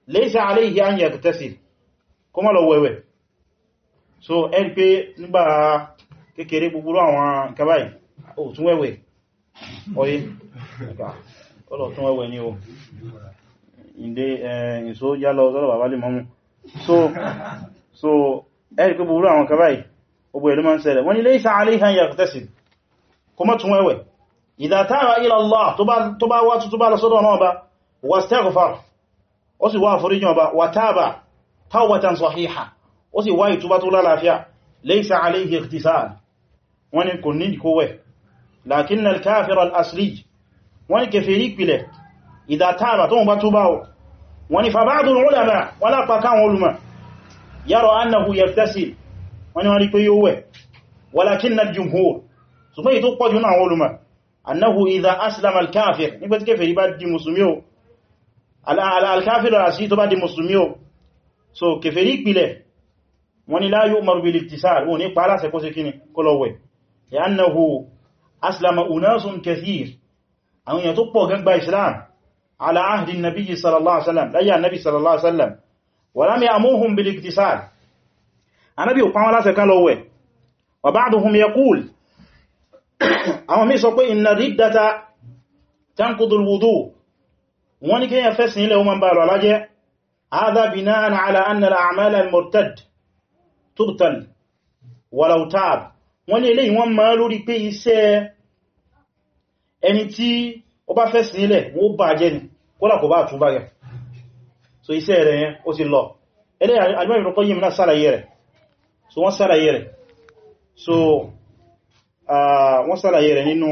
[SPEAKER 1] laysa alayhi an yaghtasil kó má lọ wẹ̀wẹ̀ so ẹni pé nígbà kékeré gbogbo àwọn kàbáyì ò tún wẹ̀wẹ̀ ọyé ọlọ̀ tún wẹ̀wẹ̀ ni o ìdé ìṣó yálọ ọ̀sọ́lọ̀ bàbá lè mọ́mú so so ẹni pé gbogbo àwọn kàbáyì ogbò ẹ̀lú máa ń ṣẹlẹ̀ wọ́n ni laysa alayhi an yaghtasil kó má tún wẹ̀wẹ̀ idha taba ila Allah tó bá wá tó bá lọ sọ́dọ̀ náà bá wastaghfar ó sì wá àforíjìn ọba wà tábà tawbatan sahiha ó sì wá ìtúbá tó lálàáfíà laysa alayhi ightisal wọ́n ni kò ní ìkówẹ̀ lakinna al-kafir al-asli wọ́n ni kèfèrí ìpìlẹ̀ idha tábà tó bá túbá wọ́n ni fa ba'du al-ulama wọ́n lápá káwọn olùmọ̀ yara annahu yaghtasil wọ́n ni wọ́n bá alkáfíìrì àṣí tó bá di musulmi o so kèfèrí ìpìlẹ̀ wọ́n ni láyé umaru bil iktisar wọ́n ní pàálà sẹ́kọ́ sí kíni kọlọ̀wẹ̀ ya annahu aslama unasun kathir àwọn èèyàn tó pọ̀ gangba islam ala ahdi nabi sallallahu alaihi wasallam láyé annabi sallallahu alaihi wasallam wa lam ya'muhum bil iktisar anabi ò pàwọn láṣẹ kan lọ́wẹ̀ wa ba'duhum wọ́n ní kíyàn fẹ́ sílẹ̀ o ma bá lọ́lá jẹ́ hadha bina'an ala anna al-a'mal al-murtad tubtal walau taab wọ́n ní eléyìí wọ́n ma lórí pé iṣẹ́ ẹni tí ó bá fẹ́ sílẹ̀ wọ́n bá jẹ́ ni kódà kò bá túbá rẹ̀ so iṣẹ́ rẹ̀ yẹn ó ti lọ ẹlẹ́ Al-Imam Ibn so wọ́n sálàyé so ah, wọ́n sálàyé rẹ̀ nínú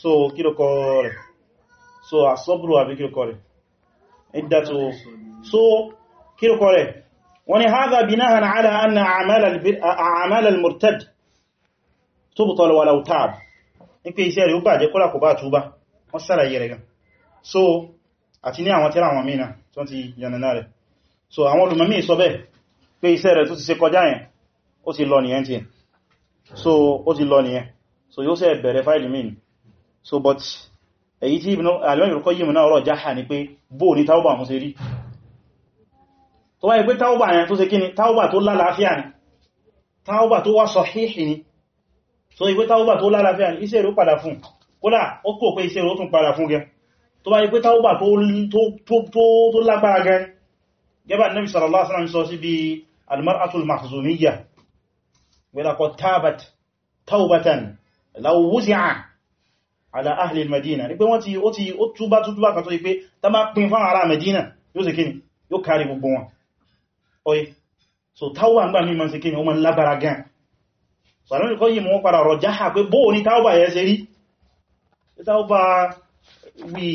[SPEAKER 1] so kílùkọ rẹ̀ so asọ́bùrù àbí kílùkọ́ rẹ̀ ìdàtò so kílùkọ́ rẹ̀
[SPEAKER 2] wọ́n ni haza binahan
[SPEAKER 1] ala anna a'mal al-murtad tubtal walau tab ní pé iṣẹ́ rẹ̀ ó bàjẹ́ kọ́lá kò bá túbá wọ́n sàlàyé rẹ̀ gan so àti ní àwọn tírà àwọn mìíràn tó ti yànnà rẹ̀ so àwọn olùmọ̀mí sọ bẹ́ẹ̀ pé iṣẹ́ rẹ̀ tó ti ṣe kọjá yẹn ó ti lọ nìyẹn tí so ó ti lọ nìyẹn so yóò ṣe bẹ̀rẹ̀ fáìlì mìíràn so but èyí tí Ibnul Qayyim náà rọ̀ jáhà ní pé bó ní taubà mú sí rí tó wáyé pé taubà yẹn tó ṣe kí ni taubà tó lálàáfíà ni taubà tó wá sọ̀híhì ni so ìpé taubà tó lálàáfíà ni iṣẹ́ rẹ̀ padà fún kódà ó kò pé iṣẹ́ rẹ̀ ó tún padà fún gẹ tó wáyé pé taubà tó lágbára gẹ gẹ́bà Nabi sallallahu alaihi wasallam ala ahli medina ní pé wọ́n ti ó ti ó túbá túbá kan tó yí pé tá bá pín fáwọn ará medina yóò ṣe kíni yóò kárí gbogbo wọn oye so tawba ngbà mí ma ṣe kíni ó ma lágbára gan so àwọn olùkọ́ yìí mọ́ padà rọ̀ jáhà pé bóò ní tawba yẹ ṣe rí tawba wí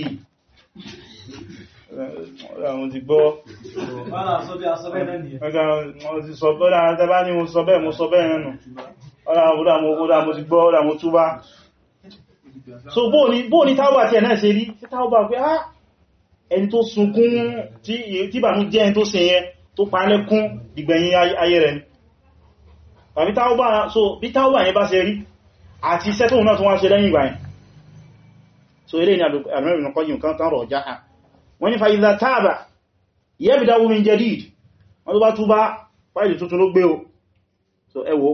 [SPEAKER 1] àwọn ti gbọ́ ọ̀rọ̀ àwọn ti gbọ́ ọ̀rọ̀ àwọn túbá so bó ní táwà tí ẹ̀ náà ṣe rí sí táwà pé á ah, ẹni tó sunkún tí bà ní jẹ́ ẹni tó ṣe yẹn tó pa lẹ́kún ìgbẹ̀yìn ayé rẹ̀ ni bí táwà yẹn bá ṣe rí àti iṣẹ́ tóun náà tó wá ṣe lẹ́yìn ìgbà so ilé ni alùmẹ́rin kọ́ yìí kan rọ̀ jáà wọ́n ní fàíza táàbà yẹ́bìdá min jadid wọ́n tó bá túbá fáìlì tuntun ló gbé o so ẹwọ́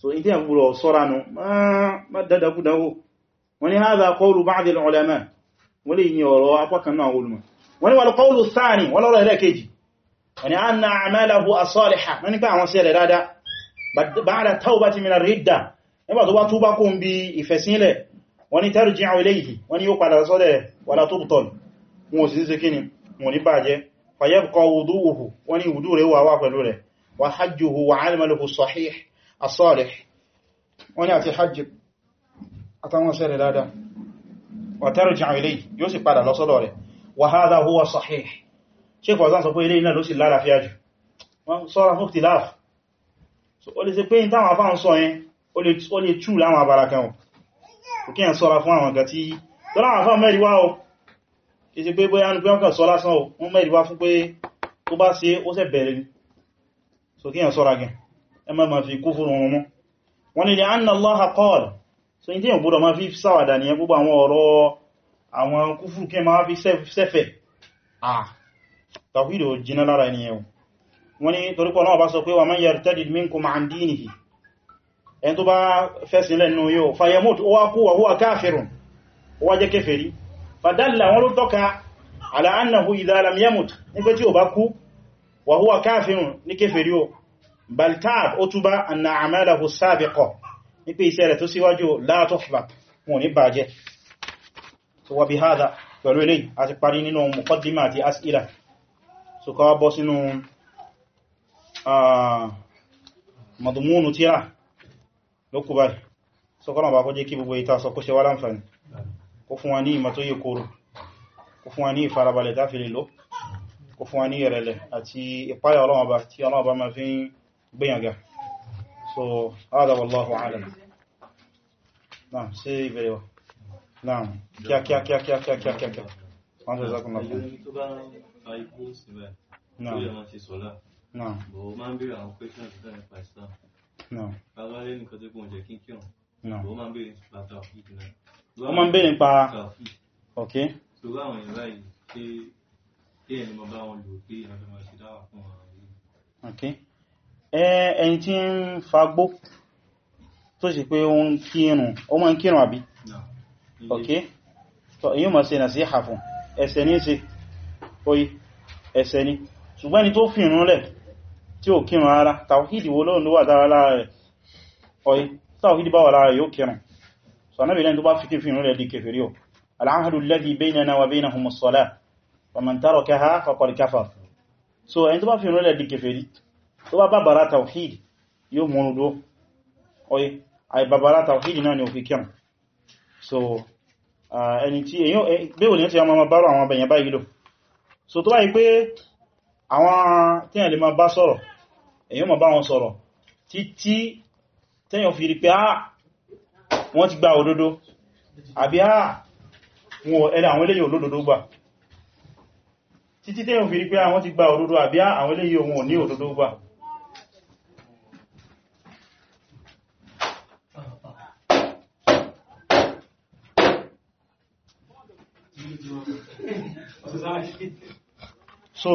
[SPEAKER 1] so ìdí ẹ̀gbùrọ̀ sọ́ranù má dáadáa wọ́n ni hadha qawlu ba'd al-ulama wọ́n lè ní ọ̀rọ̀ apákan náà olùmọ̀ wọ́n ni wal qawlu thani wọ́n lọ́rọ̀ ẹlẹ́kejì wọ́n ni anna a'malahu as-salihah wọ́n ni pé àwọn sẹ́rẹ̀ dáadáa ba'da tawbati min ar-ridda nígbà tó bá túbá kó bi ìfẹ̀sílẹ̀ wọ́n ni tarji'u ilayhi wọ́n ni yóò padà sọ́dẹ̀ rẹ̀ wala tubtal wọn ò sì sí kíni wọn ní bàjẹ́ fayabqa wudu'uhu wọ́n ni wudu rẹ̀ wà wà pẹ̀lú rẹ̀ wa hajjuhu wa 'amaluhu as-sahih as-salih wọ́n ni àti hajjì àtàwọn ṣẹ́rẹ̀ dáadáa wa tarji'u ilayhi yóò sì padà lọ́sọ́dọ̀ rẹ̀ wa hadha huwa sahih Shaykh Fawzān sọ pé ilé iná ló sì lálàáfíà jù wọ́n sọ́ra fún ikhtilāf so ó lè ṣe pé ìtàwọn afá ń sọ yẹn ó lè tú láwọn abara kan ò kí yẹn sọ́ra fún àwọn nǹkan tí tọ́lá àwọn afá mẹ́rin wá o kì í ṣe pé bóyá wọ́n ni so kí yẹn sọ́ra so in tí yàn gbọ́dọ̀ ma fi sáwàdà ní gbogbo àwọn ọ̀rọ̀ àwọn kúfùrù kí ma fi sẹ́fẹ̀ ah tàwídò jiná lára ẹni ẹ̀wọ̀ wọ́n ni torípọ̀ náà bá sọ pé wa man yartadid minkum an dinihi ẹni tó bá fẹ́sìn lẹ́nu yóò fayemut ó wá kú wa ó wá ní pé iṣẹ́ rẹ̀ tó síwájú látọ́fà wọn ní bàjẹ́ so wà bí hádá pẹ̀lú ilé àti parí nínú muqaddima àti as'ila so káwà bọ́ sínú madumunu tíra lókù báyìí so kọ́nà bá kọjẹ́ kí gbogbo ìta sọ kó ṣe wá láǹfàní kó fún wa ní so hada wallahu alam naam ṣe ìbẹ̀rẹ̀ wa naam kíá kíá kíá kíá kíá kíá kíá kíá wọ́n tó zákùn náà wọ́n máa ń bèèrè nípa ok so láwọn ìrìnlá yìí pé kí ẹni mọ bá wọn lò pé àjọmọ̀ ìṣẹ́dáwà fún àwọn ìrìn ẹni tí ń fagbó tó sì pé ó ń kírun ó mọ́ ń kírun àbí ok tó èyí mọ̀ sí nasiha fún ẹ̀ṣẹ̀ ní ṣe oyi ẹ̀ṣẹ̀ ní ṣùgbọ́n ni tó fìrún lẹ̀ tí ó kírun ara tàwíìdì wo lóòrùn ló wà dára lára rẹ̀ oyi tàwíìdì bá wà lára rẹ̀ yóò kírun di o wa so ẹni tó bá lẹ̀ tó bá bàbára tawhid yóò múrùn dó ọyí àì bàbára tawhid náà ni ò fi kẹrùn so ẹni tí èyàn bẹ́ẹ̀ ní ti ọmọ ọmọ bárò àwọn abẹ̀yàn báyìí lò so tó báyìí pé àwọn tíyàn lè máa bá sọ̀rọ̀ èyàn máa bá wọn sọ̀rọ̀ títí tẹ́yàn fi rí pé ah wọ́n ti gba òdodo àbí ah wọn ẹ̀rẹ àwọn eléyìí olódodo gbà títí tẹ́yàn fi rí pé ah ti gba òdodo àbí àwọn eléyìí òun ò ní òdodo gbà so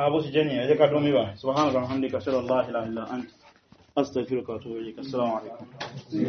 [SPEAKER 1] abu su jẹ́ ni ẹjẹ́ ká dún mẹ́wàá subhanahu wa ta'ala hamdika sallallahu alaihi wa sallam astaghfiruka wa